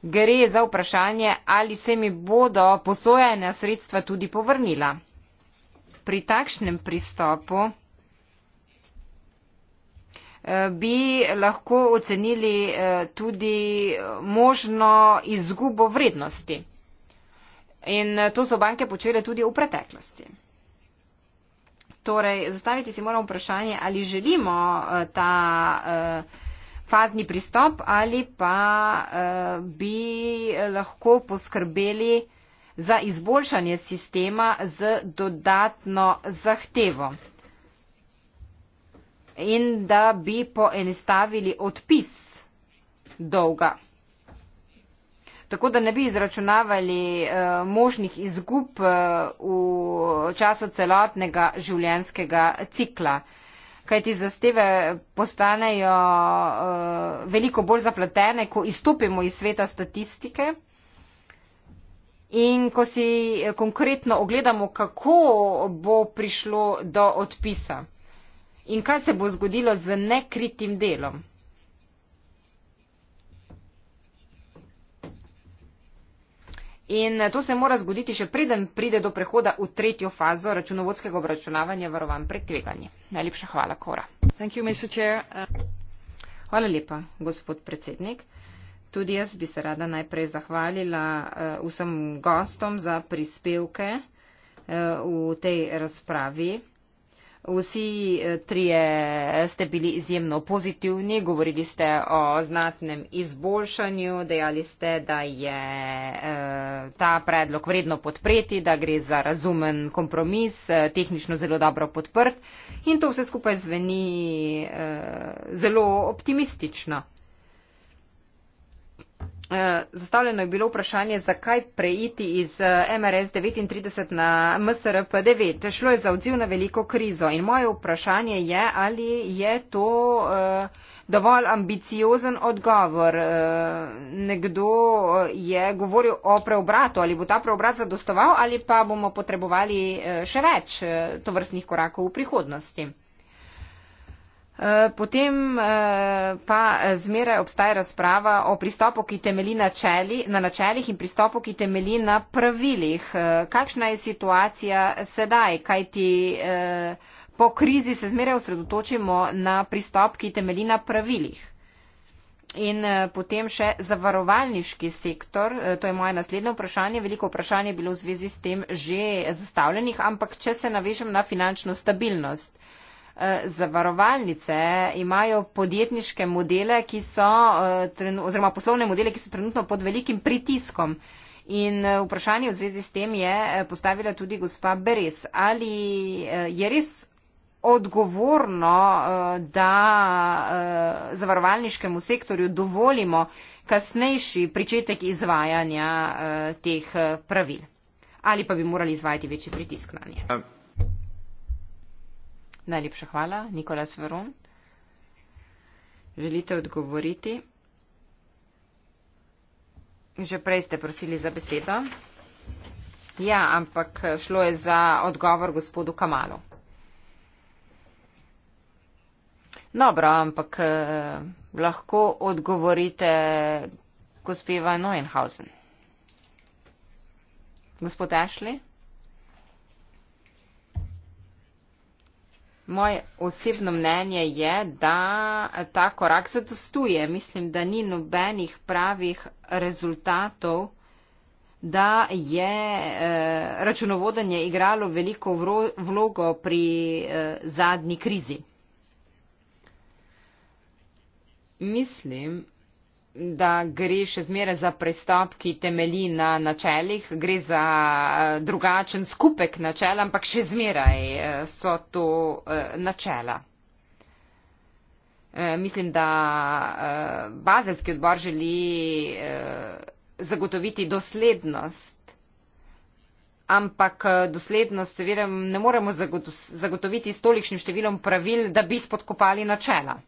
Gre za vprašanje, ali se mi bodo posojena sredstva tudi povrnila. Pri takšnem pristopu eh, bi lahko ocenili eh, tudi možno izgubo vrednosti. In eh, to so banke počele tudi v preteklosti. Torej, zastaviti si moramo vprašanje, ali želimo eh, ta eh, fazni pristop ali pa bi lahko poskrbeli za izboljšanje sistema z dodatno zahtevo in da bi poenestavili odpis dolga tako da ne bi izračunavali eh, možnih izgub eh, v času celotnega življenskega cikla. Kaj ti zasteve postanejo eh, veliko bolj zapletene, ko izstopimo iz sveta statistike. In ko si konkretno ogledamo, kako bo prišlo do odpisa in kaj se bo zgodilo z nekritim delom. In eh, to se mora zgoditi še preden pride do prehoda v tretjo fazo računovodskega obračunavanja varovan pred tveganjem. Najlepša hvala, Kora. You, uh... Hvala lepa, gospod predsednik. Tudi jaz bi se rada najprej zahvalila uh, vsem gostom za prispevke uh, v tej razpravi. Vsi eh, trije ste bili izjemno pozitivni, govorili ste o znatnem izboljšanju, dejali ste, da je eh, ta predlog vredno podpreti, da gre za razumen kompromis, eh, tehnično zelo dobro podprt in to vse skupaj zveni zelo optimistično. Eh, zastavljeno je bilo vprašanje, zakaj preiti iz eh, MRS 39 na MSRP 9. Šlo je za odziv na veliko krizo in moje vprašanje je, ali je to eh, dovolj ambiciozen odgovor. Nekdo je govoril o preobratu, ali bo ta preobrat zadostoval ali pa bomo potrebovali še več tovrstnih korakov v prihodnosti. Eh, potem eh, pa zmeraj obstaja razprava o pristopu, ki temeli na, čeli, na načelih in pristopu, ki temeli na pravilih. Eh, kakšna je situacija sedaj? Kaj ti po krizi se zmeraj osredotočimo na pristop, ki temeli na pravilih? In potem še zavarovalniški sektor, to je moje naslednje vprašanje. Veliko vprašanje je bilo v zvezi s tem že zastavljenih, ampak če se navežem na finančno stabilnost. Eh, zavarovalnice imajo podjetniške modele, ki so, eh, oziroma poslovne modele, ki so trenutno pod velikim pritiskom. In eh, vprašanje v zvezi s tem je postavila tudi gospa Beres. Ali je res odgovorno, da zavarovalniškemu sektorju dovolimo kasnejši pričetek izvajanja teh pravil? Ali pa bi morali izvajati večji pritisk na nje? Ja. Najlepša hvala, Nikolas Veron. Želite odgovoriti? Že prej ste prosili za besedo. Ja, ampak šlo je za odgovor gospodu Kamalu. Dobro, ampak eh, lahko odgovorite gospeva Neuenhausen. Gospod Ashley? Moje osebno mnenje je, da ta korak zadostuje. Mislim, da ni nobenih pravih rezultatov, da je eh, računovodanje igralo veliko vlogo pri eh, zadnji krizi. Mislim, da gre še zmeraj za prestop, ki temelji na načelih, gre za eh, drugačen skupek načel, ampak še zmeraj eh, so to eh, načela. Mislim, da bazelski odbor želi zagotoviti doslednost, ampak doslednost seveda ne moremo zagotoviti s tolikšnim številom pravil, da bi spodkopali načela.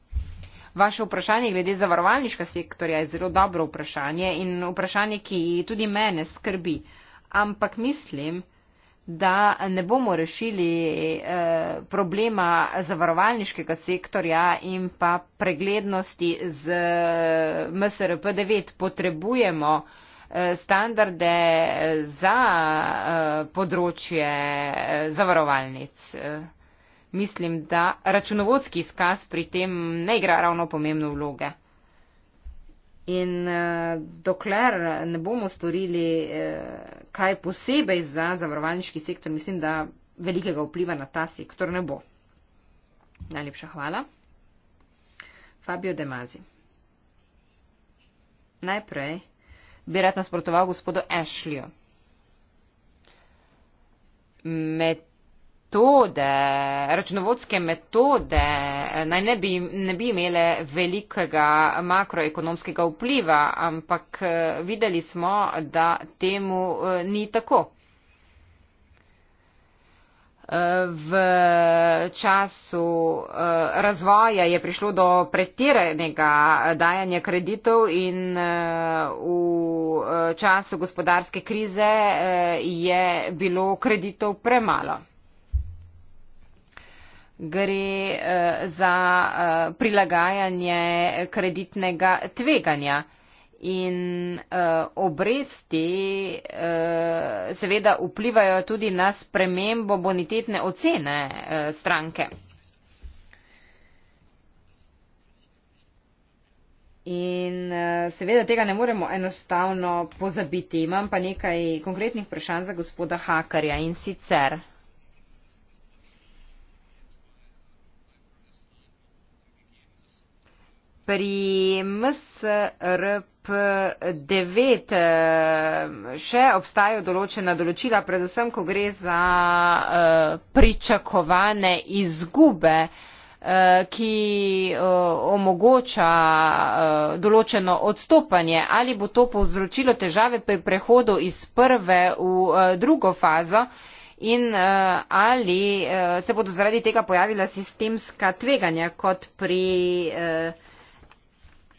Vaše vprašanje glede zavarovalniška sektorja je zelo dobro vprašanje in vprašanje, ki tudi mene skrbi. Ampak mislim, da ne bomo rešili eh, problema zavarovalniškega sektorja in pa preglednosti z eh, MSRP9. Potrebujemo eh, standarde za področje zavarovalnic mislim, da računovodski izkaz pri tem ne igra ravno pomembno vloge. In eh, dokler ne bomo storili eh, kaj posebej za zavarovalniški sektor, mislim, da velikega vpliva na ta sektor ne bo. Najlepša hvala. Fabio De Mazi. Najprej bi rad nasprotoval gospodu Ashleyju. Med metode, računovodske metode eh, naj ne bi, ne bi imele velikega makroekonomskega vpliva, ampak eh, videli smo, da temu eh, ni tako. V času razvoja je prišlo do pretiranega dajanja kreditov in v času gospodarske krize je bilo kreditov premalo gre uh, za uh, prilagajanje kreditnega tveganja. In uh, obresti uh, seveda vplivajo tudi na spremembo bonitetne ocene uh, stranke. In uh, seveda tega ne moremo enostavno pozabiti. Imam pa nekaj konkretnih vprašanj za gospoda Hakarja in sicer. Uh, pri MSRP9 eh, še obstajajo določena določila, predvsem, ko gre za eh, pričakovane izgube, eh, ki omogoča določeno odstopanje. Ali bo to povzročilo težave pri prehodu iz prve v drugo fazo? In uh, ali uh, se bodo zaradi tega pojavila sistemska tveganja kot pri uh, MSR 39.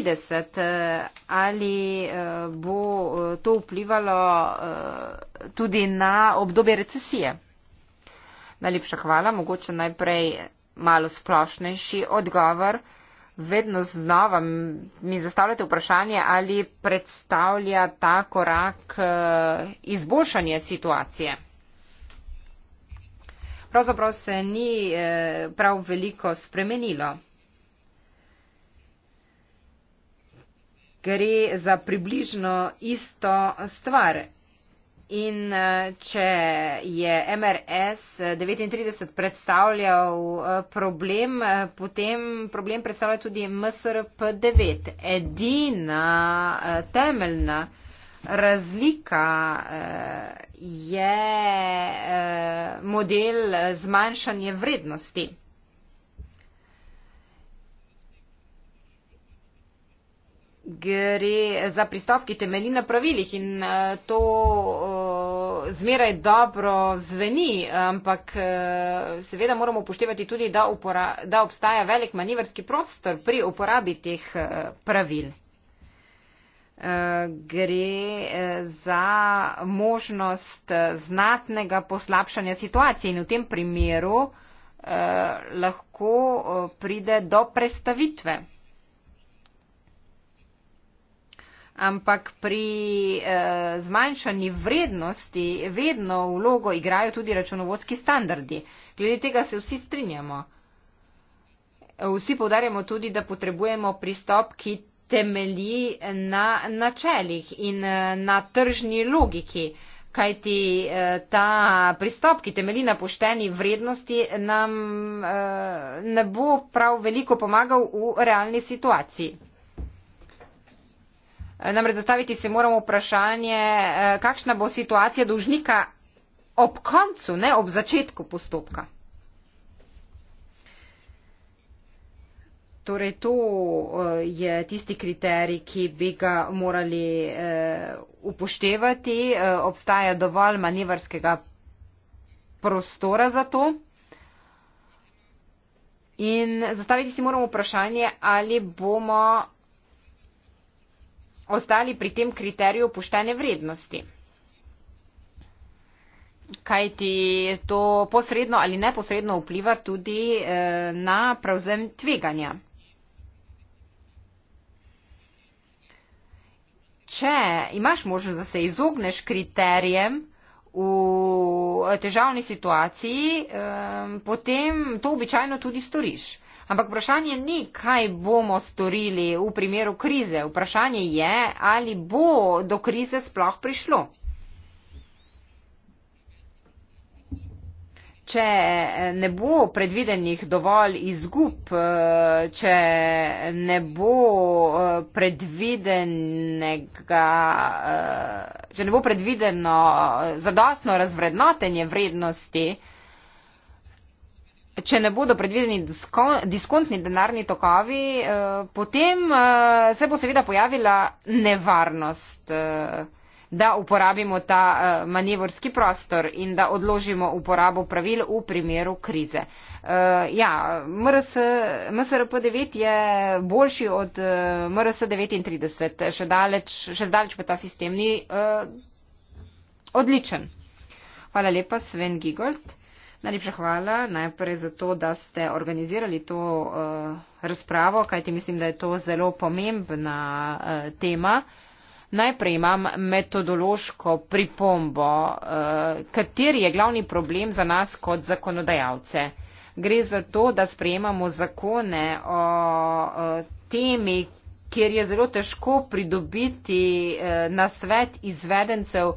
Eh, eh, ali eh, bo to vplivalo tudi na obdobje recesije? Najlepša hvala. Mogoče najprej malo splošnejši odgovor. Vedno znova mi zastavljate vprašanje, ali predstavlja ta korak izboljšanje situacije. Pravzaprav se ni prav veliko spremenilo. gre za približno isto stvar. In eh, če je MRS 39 predstavljal eh, problem, eh, potem problem predstavlja tudi MSRP 9. Edina temeljna razlika je model zmanjšanje vrednosti. gre za pristop, ki temelji na pravilih in eh, to eh, zmeraj dobro zveni, ampak eh, seveda moramo upoštevati tudi, da, upora, da obstaja velik manjverski prostor pri uporabi teh pravil. Gre za možnost znatnega poslabšanja situacije in v tem primeru lahko pride do prestavitve. ampak pri eh, zmanjšani vrednosti vedno vlogo igrajo tudi računovodski standardi. Glede tega se vsi strinjamo. Vsi povdarjamo tudi, da potrebujemo pristop, ki temelji na načelih in eh, na tržni logiki, kajti eh, ta pristop, ki temelji na pošteni vrednosti, nam eh, ne bo prav veliko pomagal v realni situaciji. Namreč zastaviti se moramo vprašanje, eh, kakšna bo situacija dolžnika ob koncu, ne ob začetku postopka. Torej, to eh, je tisti kriterij, ki bi ga morali eh, upoštevati. Obstaja dovolj manevrskega prostora za to. In zastaviti si moramo vprašanje, ali bomo ostali pri tem kriteriju poštene vrednosti. Kaj ti to posredno ali neposredno vpliva tudi eh, na pravzem tveganja. Če imaš možnost, da se izogneš kriterijem v težavni situaciji, eh, potem to običajno tudi storiš. Ampak vprašanje ni, kaj bomo storili v primeru krize. Vprašanje je, ali bo do krize sploh prišlo. Če ne bo predvidenih dovolj izgub, če ne bo eh, predvidenega, eh, če ne bo predvideno eh, zadostno razvrednotenje vrednosti, če ne bodo predvideni diskontni denarni tokavi, eh, potem eh, se bo seveda pojavila nevarnost, eh, da uporabimo ta manevrski prostor in da odložimo uporabo pravil v primeru krize. Ja, MRS, MSRP 9 je boljši od MRS 39, še daleč, še daleč pa ta sistem ni odličen. Hvala lepa, Sven Gigold. Najlepša hvala najprej za to, da ste organizirali to uh, razpravo, kajti mislim, da je to zelo pomembna uh, tema. Najprej imam metodološko pripombo, uh, kateri je glavni problem za nas kot zakonodajalce. Gre za to, da sprejemamo zakone o uh, temi, kjer je zelo težko pridobiti uh, na svet izvedencev, uh,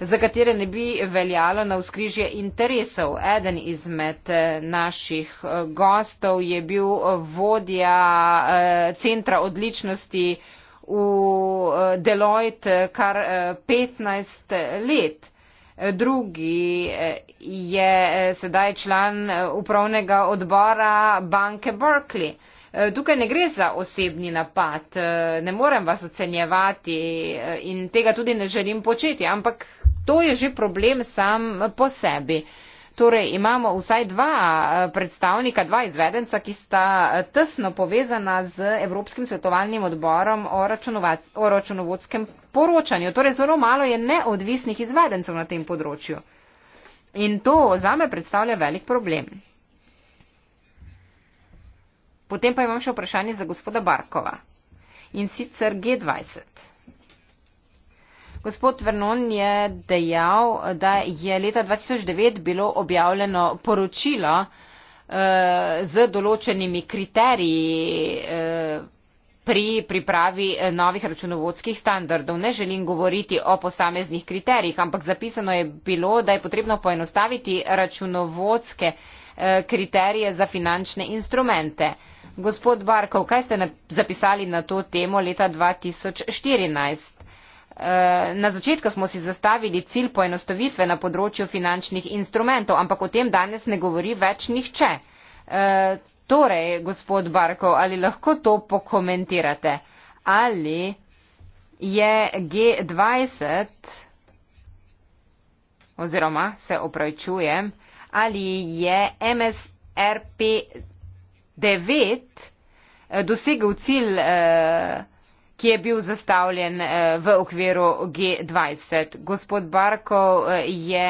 za katere ne bi veljalo na vzkrižje interesov. Eden izmed eh, naših eh, gostov je bil eh, vodja centra odličnosti v Deloitte kar 15 let. Drugi je sedaj član upravnega odbora banke Berkeley. Eh, tukaj ne gre za osebni napad, eh, ne morem vas ocenjevati eh, in tega tudi ne želim početi, ampak to je že problem sam po sebi. Torej imamo vsaj dva predstavnika, dva izvedenca, ki sta tesno povezana z Evropskim svetovalnim odborom o, o računovodskem poročanju. Torej zelo malo je neodvisnih izvedencev na tem področju. In to zame predstavlja velik problem. Potem pa imam še vprašanje za gospoda Barkova in sicer G20. Gospod Vernon je dejal, da je leta 2009 bilo objavljeno poročilo uh, z določenimi kriteriji. Uh, pri pripravi eh, novih računovodskih standardov. Ne želim govoriti o posameznih kriterijih, ampak zapisano je bilo, da je potrebno poenostaviti računovodske eh, kriterije za finančne instrumente. Gospod Barkov, kaj ste zapisali na to temo leta 2014? Eh, na začetku smo si zastavili cilj poenostavitve na področju finančnih instrumentov, ampak o tem danes ne govori več nihče. Torej, gospod Barkov, ali lahko to pokomentirate? Ali je G20 oziroma se opravičujem, ali je MSRP9 eh, dosegel cilj, eh, ki je bil zastavljen eh, v okviru G20. Gospod Barkov je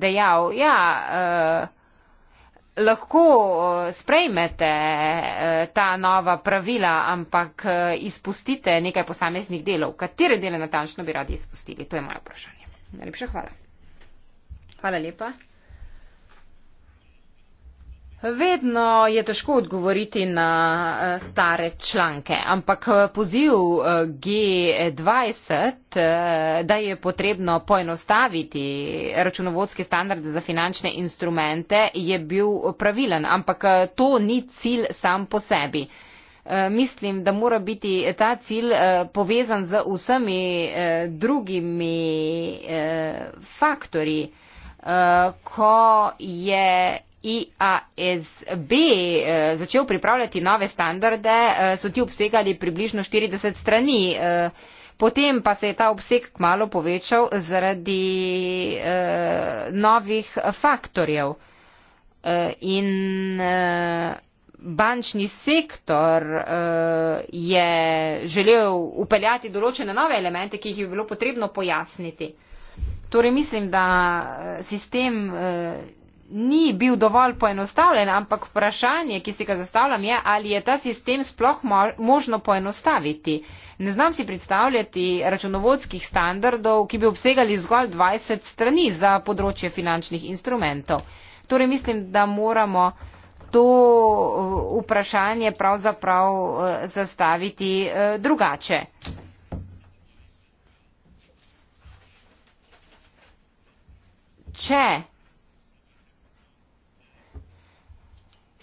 dejal, ja, lahko eh, sprejmete eh, ta nova pravila, ampak eh, izpustite nekaj posameznih delov. Katere dele natančno bi radi izpustili? To je moje vprašanje. Najlepša hvala. Hvala lepa. Vedno je težko odgovoriti na eh, stare članke, ampak eh, poziv eh, G20, da je potrebno poenostaviti računovodske standarde za finančne instrumente, je bil pravilen, ampak to ni cilj sam po sebi. Mislim, da mora biti ta cilj povezan z vsemi drugimi faktori. Ko je IASB eh, začel pripravljati nove standarde, eh, so ti obsegali približno 40 strani. Eh, potem pa se je ta obseg malo povečal zaradi novih faktorjev. In bančni sektor je želel upeljati določene nove elemente, ki jih je bilo potrebno pojasniti. Torej mislim, da sistem ni bil dovolj poenostavljen, ampak vprašanje, ki si ga zastavljam, je, ali je ta sistem sploh možno poenostaviti. Ne znam si predstavljati računovodskih standardov, ki bi obsegali zgolj 20 strani za področje finančnih instrumentov. Torej mislim, da moramo to uh, vprašanje pravzaprav uh, zastaviti uh, drugače. Če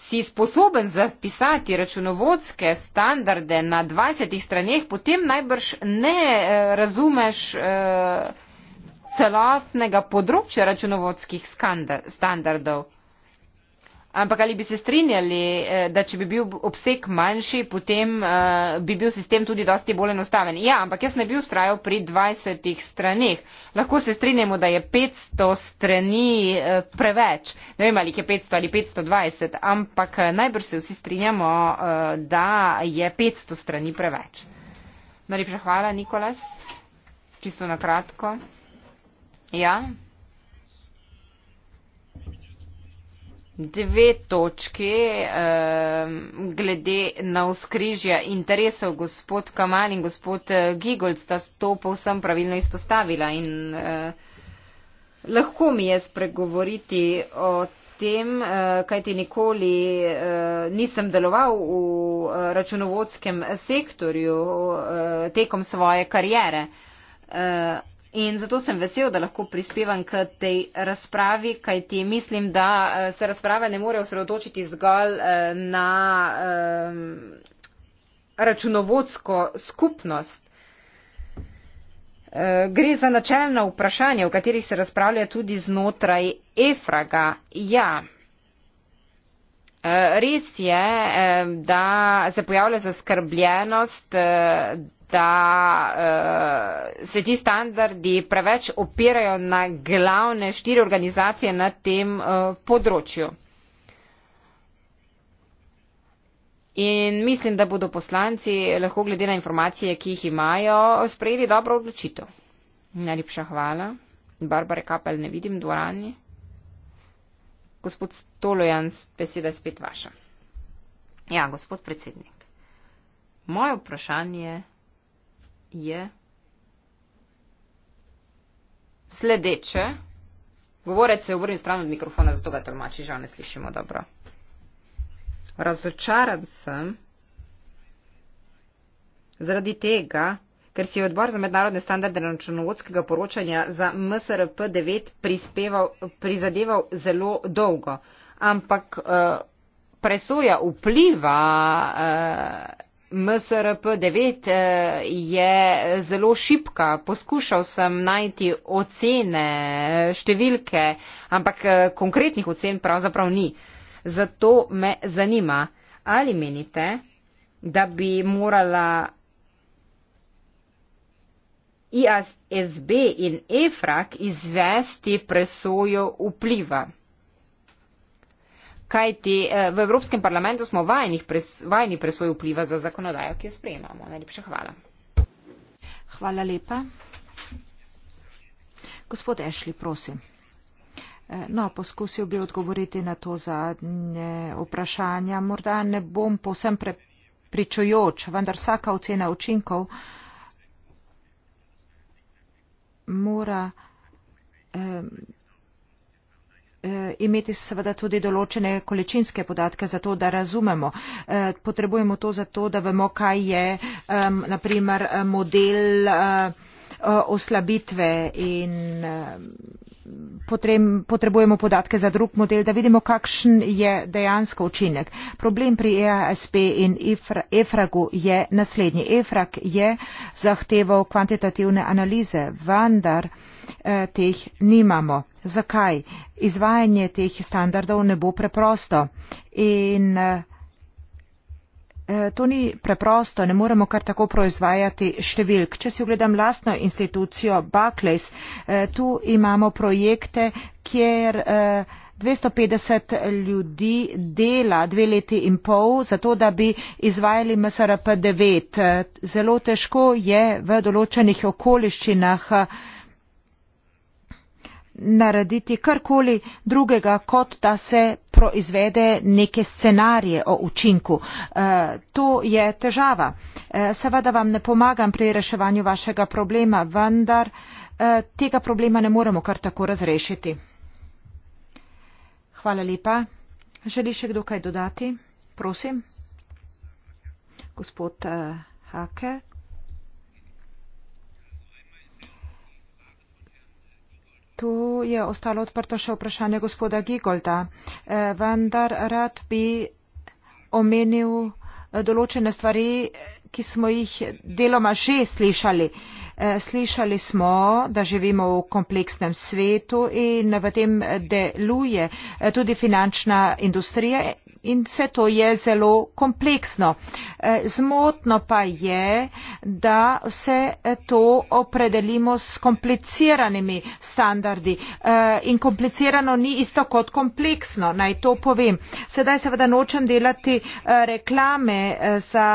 si sposoben zapisati računovodske standarde na dvajsetih straneh, potem najbrž ne eh, razumeš eh, celotnega področja računovodskih standardov. Ampak ali bi se strinjali, eh, da če bi bil obseg manjši, potem eh, bi bil sistem tudi dosti bolj enostaven? Ja, ampak jaz ne bi ustrajal pri 20 stranih. Lahko se strinjamo, da je 500 strani eh, preveč. Ne vem, ali je 500 ali 520, ampak najbrž se vsi strinjamo, da je 500 strani preveč. Najlepša hvala, Nikolas. Čisto na kratko. Ja. dve točki eh, glede na uskrižja interesov. Gospod Kamal in gospod eh, Gigol sta to povsem pravilno izpostavila in eh, lahko mi je spregovoriti o tem, eh, kaj ti nikoli eh, nisem deloval v eh, računovodskem sektorju eh, tekom svoje karijere. Eh, In zato sem vesel, da lahko prispevam k tej razpravi, kajti mislim, da eh, se razprava ne more osredotočiti zgolj eh, na eh, računovodsko skupnost. Gre za načeljna vprašanja, v katerih se razpravlja tudi znotraj Efraga. Ja, res je, da se pojavlja zaskrbljenost, da uh, se ti standardi preveč opirajo na glavne štiri organizacije na tem uh, področju. In mislim, da bodo poslanci lahko glede na informacije, ki jih imajo, sprejeli dobro odločitev. Najlepša hvala. Barbara Kapel ne vidim v dvorani. Gospod Stolojans, beseda je spet vaša. Ja, gospod predsednik. Moje vprašanje je je sledeče. Govorec se obrni stran od mikrofona, zato ga tolmači, žal ne slišimo dobro. Razočaran sem zaradi tega, ker si je odbor za mednarodne standarde računovodskega poročanja za MSRP9 prizadeval zelo dolgo. Ampak uh, presoja vpliva uh, MSRP9 eh, je zelo šipka. Poskušal sem najti ocene, številke, ampak eh, konkretnih ocen pravzaprav ni. Zato me zanima, ali menite, da bi morala IASB in EFRAK izvesti presojo vpliva. Kajti eh, v Evropskem parlamentu smo vajeni, pres, vajeni presoj vpliva za zakonodajo, ki jo sprejemamo. Najlepša hvala. Hvala lepa. Gospod Ešli, prosim. Eh, no, poskusil bi odgovoriti na to zadnje vprašanje. Morda ne bom povsem prepričujoč, vendar vsaka ocena učinkov mora. Eh, Eh, imeti seveda tudi določene količinske podatke za to, da razumemo. Eh, potrebujemo to zato, da vemo, kaj je naprimer model eh, oslabitve in potrem potrebujemo podatke za drug model, da vidimo, kakšen je dejansko učinek. Problem pri EASP in EFRAGu je naslednji. EFRAG je zahteval kvantitativne analize, vendar eh, teh nimamo. Zakaj? Izvajanje teh standardov ne bo preprosto. In, eh, Eh, to ni preprosto, ne moremo kar tako proizvajati številk. Če si ogledam lastno institucijo Baklejs, eh, tu imamo projekte, kjer 250 eh, ljudi dela dve leti in pol, zato da bi izvajali MSRP 9. Zelo težko je v določenih okoliščinah narediti karkoli drugega, kot da se proizvede neke scenarije o učinku. Eh, to je težava. Eh, seveda vam ne pomagam pri reševanju vašega problema, vendar eh, tega problema ne moremo kar tako razrešiti. Hvala lepa. Želi še kdo kaj dodati? Prosim. Gospod Hake, Tu je ostalo odprto še vprašanje gospoda Gigolda, e, vendar rad bi omenil e, določene stvari, ki smo jih deloma že slišali. E, slišali smo, da živimo v kompleksnem svetu in v tem deluje tudi finančna industrija in vse to je zelo kompleksno. E, zmotno pa je, da vse to opredelimo s kompliciranimi standardi e, in komplicirano ni isto kot kompleksno, naj to povem. Sedaj seveda nočem delati e, reklame za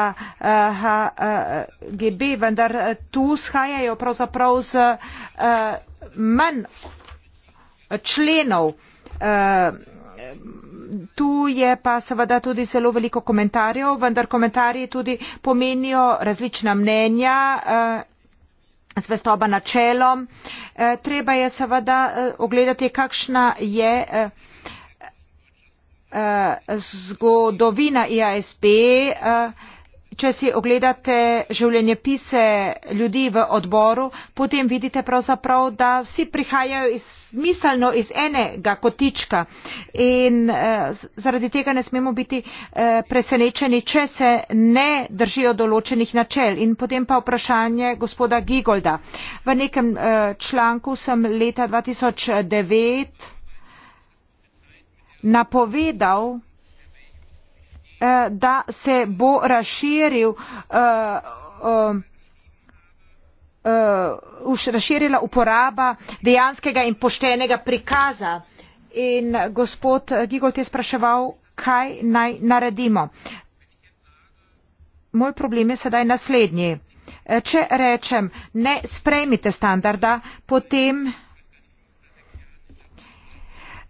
HGB, vendar tu shajajo pravzaprav z manj členov tu je pa seveda tudi zelo veliko komentarjev, vendar komentarji tudi pomenijo različna mnenja, eh, zvestoba načelom. Eh, treba je seveda eh, ogledati, kakšna je zgodovina IASP če si ogledate življenjepise ljudi v odboru, potem vidite pravzaprav, da vsi prihajajo iz, miselno iz enega kotička in eh, zaradi tega ne smemo biti eh, presenečeni, če se ne držijo določenih načel. In potem pa vprašanje gospoda Gigolda. V nekem eh, članku sem leta 2009 napovedal, Eh, da se bo razširil, uh, uh, uh, razširila uporaba dejanskega in poštenega prikaza. In gospod Gigot je spraševal, kaj naj naredimo. Moj problem je sedaj naslednji. Eh, če rečem, ne sprejmite standarda, potem.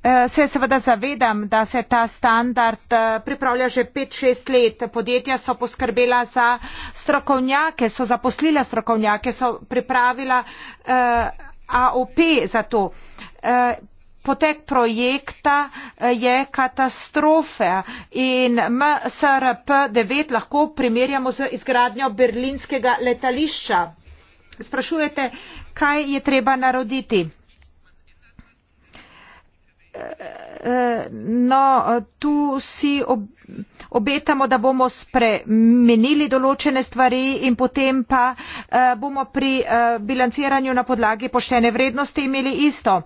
Eh, se seveda zavedam, da se ta standard eh, pripravlja že 5-6 let. Podjetja so poskrbela za strokovnjake, so zaposlila strokovnjake, so pripravila uh, eh, AOP za to. Uh, potek projekta je katastrofe in MSRP 9 lahko primerjamo z izgradnjo berlinskega letališča. Sprašujete, kaj je treba narediti? no, tu si ob, obetamo, da bomo spremenili določene stvari in potem pa eh, bomo pri eh, bilanciranju na podlagi poštene vrednosti imeli isto.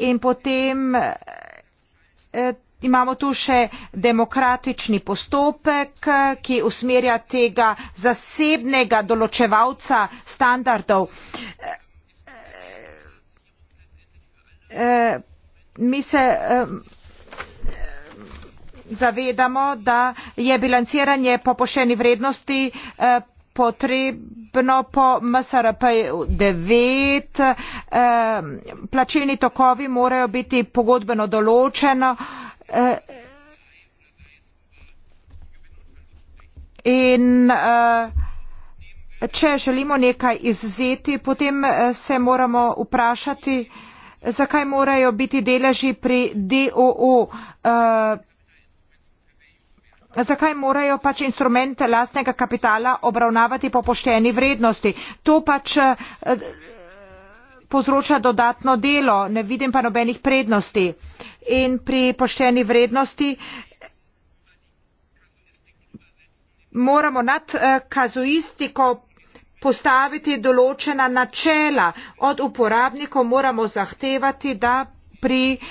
In potem eh, imamo tu še demokratični postopek, ki usmerja tega zasebnega določevalca standardov. Eh, eh, mi se um, zavedamo, da je bilanciranje po pošeni vrednosti uh, potrebno po MSRP 9. Uh, plačilni tokovi morajo biti pogodbeno določeno. Uh, in, uh, Če želimo nekaj izzeti, potem se moramo vprašati, uh, zakaj morajo biti deleži pri DOO, eh, zakaj morajo pač instrumente lastnega kapitala obravnavati po pošteni vrednosti. To pač eh, povzroča dodatno delo, ne vidim pa nobenih prednosti. In pri pošteni vrednosti eh, moramo nad kazuistiko postaviti določena načela. Od uporabnikov moramo zahtevati, da pri eh,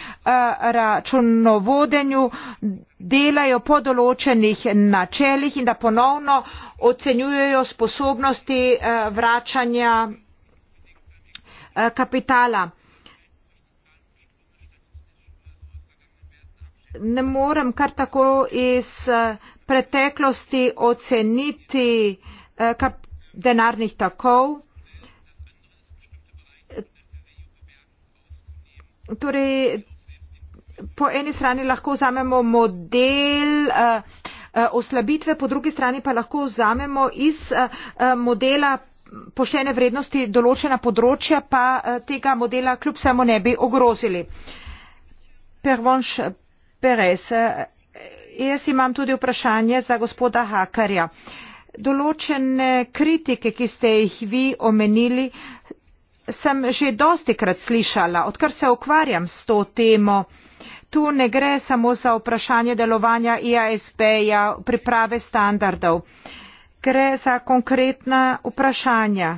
računovodenju delajo po določenih načelih in da ponovno ocenjujejo sposobnosti eh, vračanja eh, kapitala. Ne morem kar tako iz preteklosti oceniti kap, denarnih takov. Torej, po eni strani lahko vzamemo model eh, eh, oslabitve, po drugi strani pa lahko vzamemo iz eh, modela poštene vrednosti določena področja, pa tega modela kljub samo ne bi ogrozili. Pervonš Perez, jaz imam tudi vprašanje za gospoda Hakarja določene kritike, ki ste jih vi omenili, sem že dostikrat slišala, odkar se ukvarjam s to temo. Tu ne gre samo za vprašanje delovanja IASB-ja, priprave standardov. Gre za konkretna vprašanja.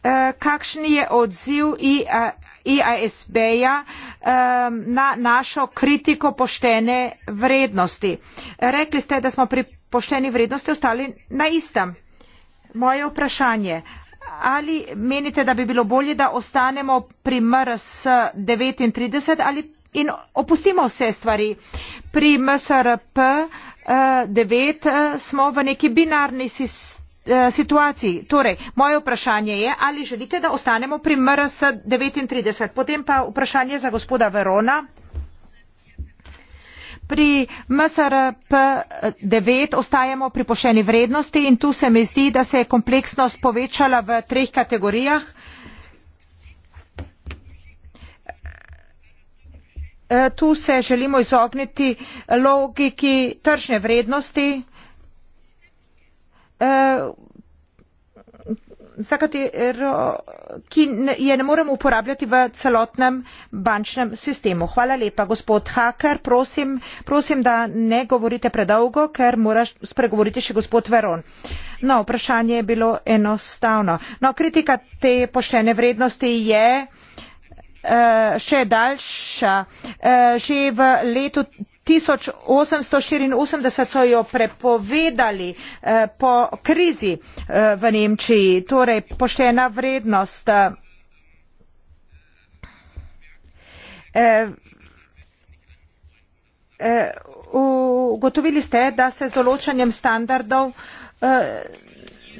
E, kakšen je odziv IASB-ja? E, na našo kritiko poštene vrednosti. Rekli ste, da smo pri pošteni vrednosti ostali na istem. Moje vprašanje, ali menite, da bi bilo bolje, da ostanemo pri MRS 39 ali in opustimo vse stvari. Pri MSRP 9 eh, eh, smo v neki binarni sistemi Eh, situaciji. Torej, moje vprašanje je, ali želite, da ostanemo pri MRS 39. Potem pa vprašanje za gospoda Verona. Pri MSRP 9 ostajamo pri pošteni vrednosti in tu se mi zdi, da se je kompleksnost povečala v treh kategorijah. Eh, tu se želimo izogniti logiki tržne vrednosti. Eh, za katero ki je ne moremo uporabljati v celotnem bančnem sistemu. Hvala lepa, gospod Haker, prosim, prosim, da ne govorite predolgo, ker mora spregovoriti še gospod Veron. No, vprašanje je bilo enostavno. No, kritika te poštene vrednosti je eh, še daljša. Eh, že v letu tisoč osemsto štiriinosemdeset so jo prepovedali eh, po krizi eh, v nemčiji torej poštena vrednost eh, ugotovili ste da se z določanjem standardov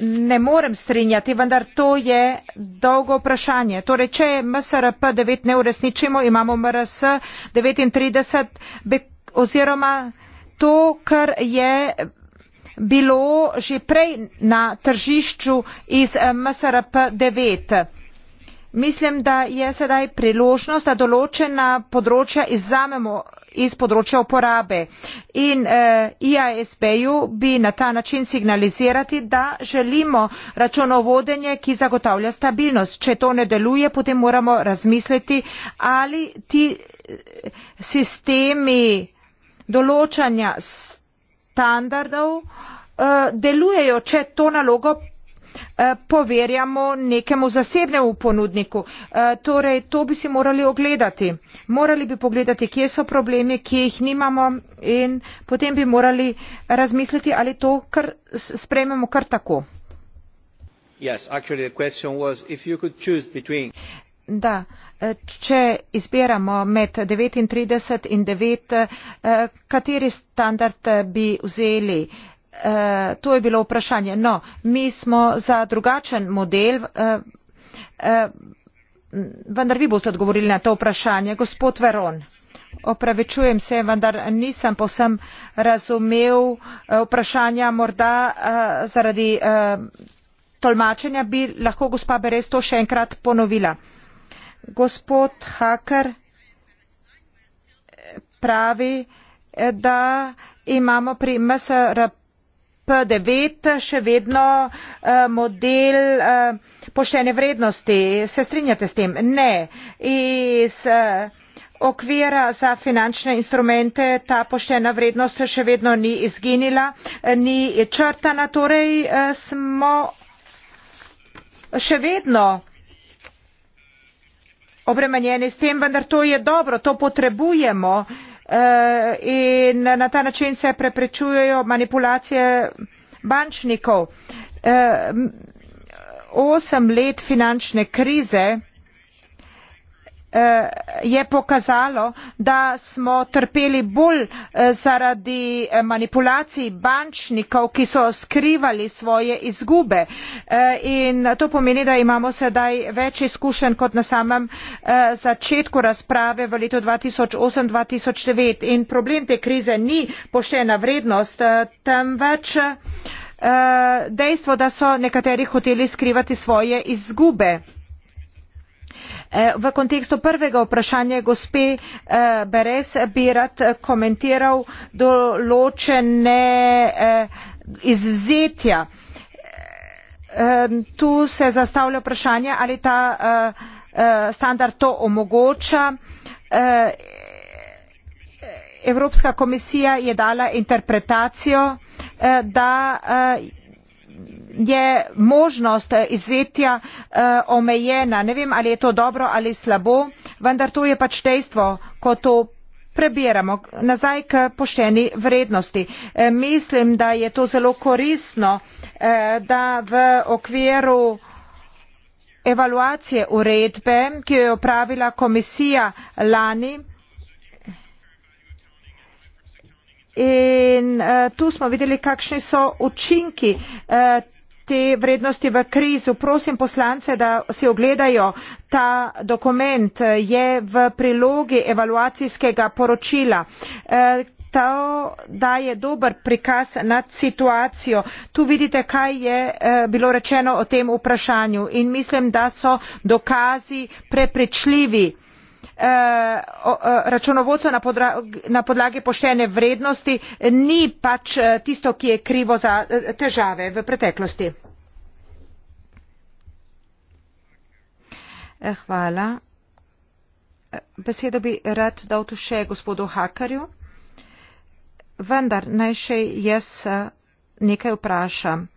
ne morem strinjati vendar to je dolgo vprašanje torej če mrsrp devet ne uresničimo imamo mrs devetintrideset bi oziroma to, kar je bilo že prej na tržišču iz eh, MSRP 9. Mislim, da je sedaj priložnost, da določena področja izzamemo iz področja uporabe in eh, IASB-ju bi na ta način signalizirati, da želimo računovodenje, ki zagotavlja stabilnost. Če to ne deluje, potem moramo razmisliti, ali ti eh, sistemi eh, določanja standardov eh, delujejo, če to nalogo eh, poverjamo nekemu zasebnemu ponudniku. Eh, torej, to bi si morali ogledati. Morali bi pogledati, kje so problemi, kje jih nimamo in potem bi morali razmisliti, ali to kar sprejmemo kar tako. Yes, actually, was, da, če izbiramo med 39 in 9, eh, kateri standard bi vzeli? Eh, to je bilo vprašanje. No, mi smo za drugačen model. Eh, vendar vi boste odgovorili na to vprašanje. Gospod Veron, opravičujem se, vendar nisem posem razumel vprašanja morda zaradi tolmačenja. Bi lahko gospa Beres to še enkrat ponovila? gospod Haker pravi, da imamo pri MSRP9 še vedno eh, model eh, poštene vrednosti. Se strinjate s tem? Ne. Iz eh, okvira za finančne instrumente ta poštena vrednost še vedno ni izginila, ni črtana, torej smo še vedno obremenjeni s tem, vendar to je dobro, to potrebujemo eh, in na ta način se preprečujejo manipulacije bančnikov. Eh, osem let finančne krize Eh, je pokazalo, da smo trpeli bolj eh, zaradi eh, manipulacij bančnikov, ki so skrivali svoje izgube. In to pomeni, da imamo sedaj več izkušenj kot na samem začetku razprave v letu 2008-2009. In problem te krize ni poštena vrednost, temveč dejstvo, da so nekateri hoteli skrivati svoje izgube. Eh, v kontekstu prvega vprašanja gospe eh, bers bi rad komentiral določene eh, izvzetja tu se zastavlja vprašanje ali ta standard to omogoča evropska komisija je dala interpretacijo da je možnost izvzetja eh, omejena ne vem ali je to dobro ali slabo vendar to je pač dejstvo ko to prebiramo nazaj k pošteni vrednosti eh, mislim da je to zelo koristno eh, da v okviru evaluacije uredbe ki jo je opravila komisija lani in uh, tu smo videli, kakšni so učinki uh, te vrednosti v krizu. Prosim poslance, da si ogledajo ta dokument, je v prilogi evaluacijskega poročila. Uh, To daje dober prikaz nad situacijo. Tu vidite, kaj je eh, bilo rečeno o tem vprašanju in mislim, da so dokazi prepričljivi. Eh, eh, računovodstvo na podlagi poštene vrednosti eh, ni pač tisto ki je krivo za težave v preteklosti. Hvala. Besedo bi rad dal tu še gospodu Hakarju, vendar naj še jaz nekaj vprašam.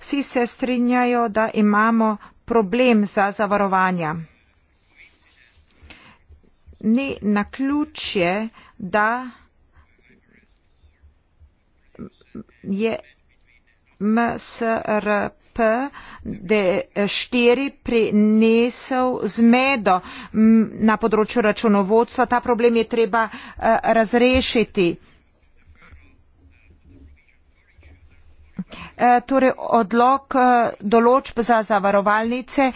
Vsi se strinjajo, da imamo problem za zavarovanja ni na ključje, da je MSRP D4 prinesel zmedo na področju računovodstva. Ta problem je treba eh, razrešiti. Eh, torej, odlog eh, določb za zavarovalnice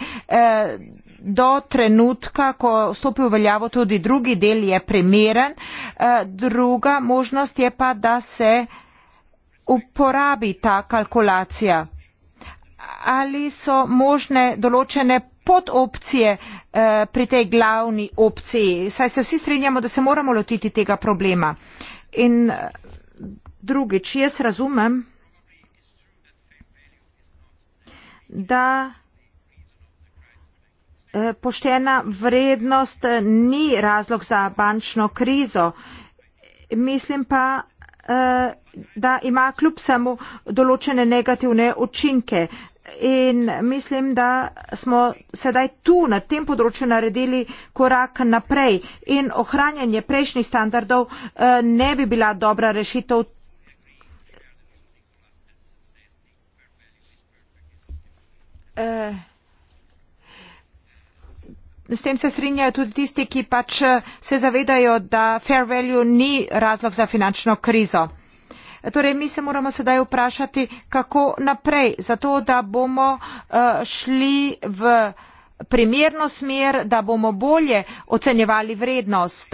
do trenutka ko stopi v veljavo tudi drugi del je primeren. Eh, druga možnost je pa, da se uporabi ta kalkulacija. Ali so možne določene podopcije eh, pri tej glavni opciji? Saj se vsi strinjamo, da se moramo lotiti tega problema. In eh, drugič, jaz razumem, da Eh, poštena vrednost eh, ni razlog za bančno krizo. Mislim pa, eh, da ima kljub samo določene negativne učinke. In mislim, da smo sedaj tu na tem področju naredili korak naprej in ohranjanje prejšnjih standardov ne bi bila dobra rešitev. Uh. S tem se strinjajo tudi tisti, ki pač eh, se zavedajo, da fair value ni razlog za finančno krizo. Torej, mi se moramo sedaj vprašati, kako naprej, zato da bomo eh, šli v primerno smer, da bomo bolje ocenjevali vrednost.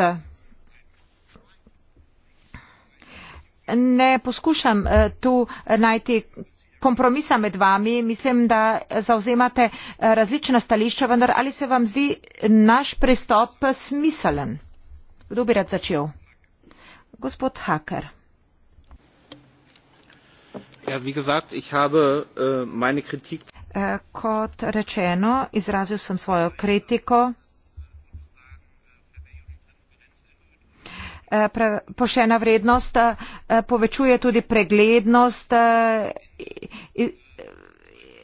Ne poskušam eh, tu najti kompromisa med vami mislim da zauzemate eh, različna stališča vendar ali se vam zdi naš pristop smiseln kdo bi rad začel gospod haker ja wie gesagt ich habe uh, meine kritik eh, kot rečeno izrazil sem svojo kritiko eh, Pošena vrednost povečuje tudi preglednost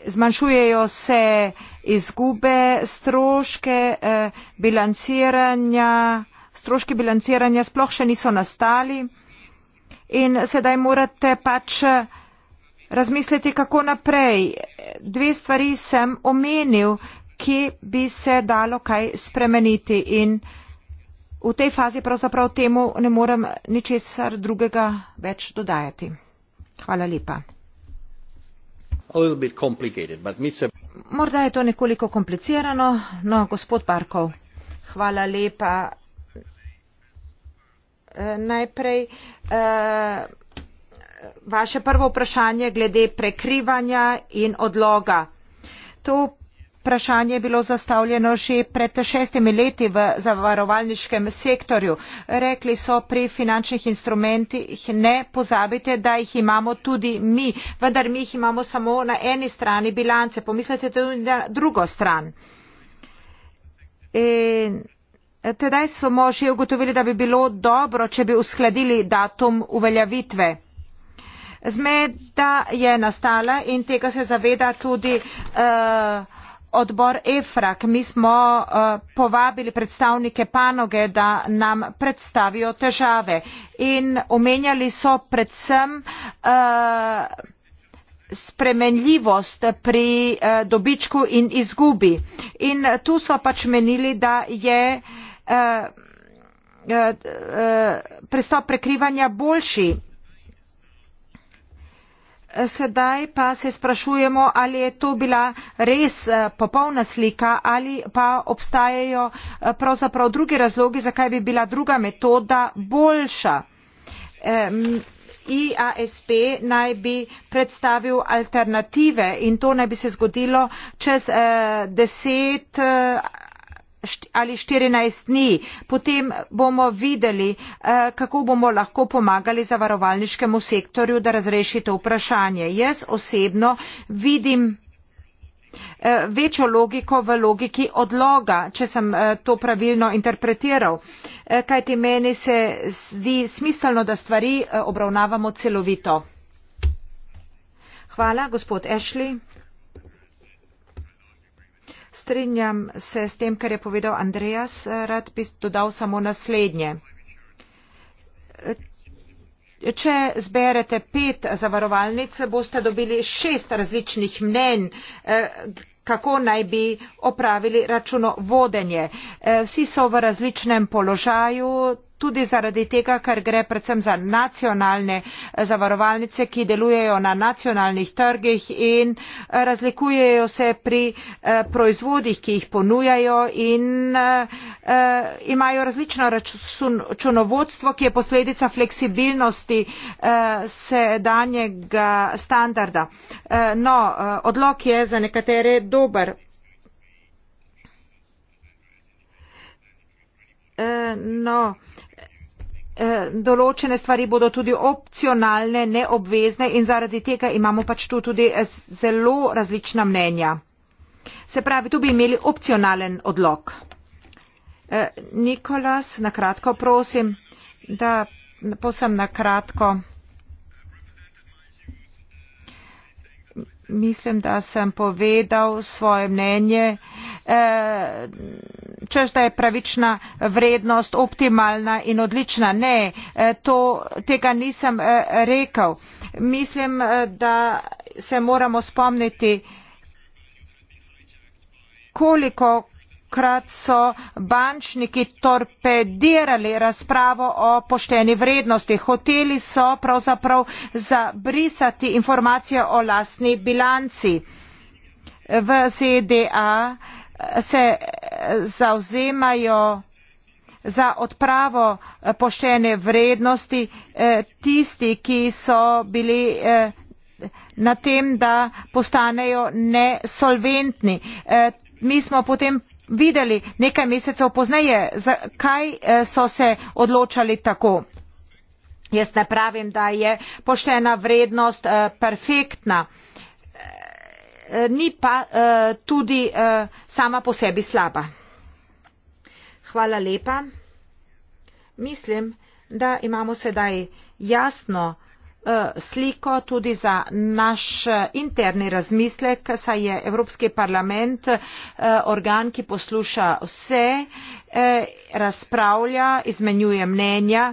zmanjšujejo se izgube, stroške eh, bilanciranja, stroške bilanciranja sploh še niso nastali in sedaj morate pač eh, razmisliti, kako naprej. Dve stvari sem omenil, ki bi se dalo kaj spremeniti in v tej fazi pravzaprav temu ne morem ničesar drugega več dodajati. Hvala lepa morda je to nekoliko komplicirano no gospod barkov hvala lepa e, najprej e, vaše prvo vprašanje glede prekrivanja in odloga to vprašanje vprašanje je bilo zastavljeno že pred šestimi leti v zavarovalniškem sektorju. Rekli so pri finančnih instrumentih, ne pozabite, da jih imamo tudi mi, vendar mi jih imamo samo na eni strani bilance. Pomislite tudi na drugo stran. In tedaj smo že ugotovili, da bi bilo dobro, če bi uskladili datum uveljavitve. Zmeda je nastala in tega se zaveda tudi uh, odbor efrag mi smo eh, povabili predstavnike panoge da nam predstavijo težave in omenjali so predvsem eh, spremenljivost pri eh, dobičku in izgubi in tu so pač menili da je pristop prekrivanja boljši sedaj pa se sprašujemo, ali je to bila res eh, popolna slika ali pa obstajajo eh, pravzaprav druge razloge, zakaj bi bila druga metoda boljša. Um, IASP naj bi predstavil alternative in to naj bi se zgodilo čez 10 eh, eh, ali 14 dni, potem bomo videli, eh, kako bomo lahko pomagali zavarovalniškemu sektorju, da razreši to vprašanje. Jaz osebno vidim eh, večjo logiko v logiki odloga, če sem eh, to pravilno interpretiral. Kaj ti meni se zdi smiselno, da stvari obravnavamo celovito? Hvala, gospod Ešli. Strinjam se s tem, kar je povedal Andreas, eh, rad bi dodal samo naslednje. Če zberete pet zavarovalnic, boste dobili šest različnih mnenj, eh, kako naj bi opravili računovodenje. Eh, vsi so v različnem položaju, tudi zaradi tega, ker gre predvsem za nacionalne eh, zavarovalnice, ki delujejo na nacionalnih trgih in eh, razlikujejo se pri eh, proizvodih, ki jih ponujajo in imajo različno računovodstvo, ki je posledica fleksibilnosti sedanjega standarda. No, odlok je za nekatere dober. No. Eh, določene stvari bodo tudi opcionalne, neobvezne in zaradi tega imamo pač tu tudi eh, zelo različna mnenja. Se pravi, tu bi imeli opcionalen odlog. Eh, Nikolas, na kratko prosim, da posem na kratko. mislim, da sem povedal svoje mnenje, eh, čež da je pravična vrednost optimalna in odlična. Ne, eh, to, tega nisem eh, rekel. Mislim, da se moramo spomniti, koliko tokrat so bančniki torpedirali razpravo o pošteni vrednosti. Hoteli so pravzaprav zabrisati informacije o lastni bilanci. V ZDA se eh, zauzemajo za odpravo eh, poštene vrednosti eh, tisti, ki so bili na tem, da postanejo nesolventni. Mi smo potem videli nekaj mesecev pozneje zakaj eh, so se odločali tako. jaz ne pravim da je poštena vrednost eh, perfektna eh, ni pa tudi sama po sebi slaba. Hvala lepa. Mislim, da imamo sedaj jasno Eh, sliko tudi za naš eh, interni razmislek, saj je Evropski parlament eh, organ, ki posluša vse, razpravlja, izmenjuje mnenja.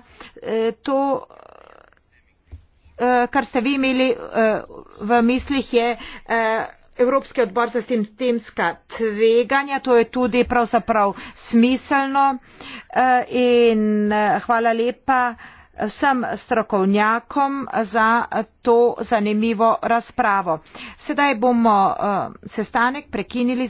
To, kar ste vi imeli v mislih, je Evropski odbor za sistemska tveganja, to je tudi pravzaprav smiselno. In hvala lepa vsem strokovnjakom za to zanimivo razpravo. sedaj bomo eh, sestanek prekinili.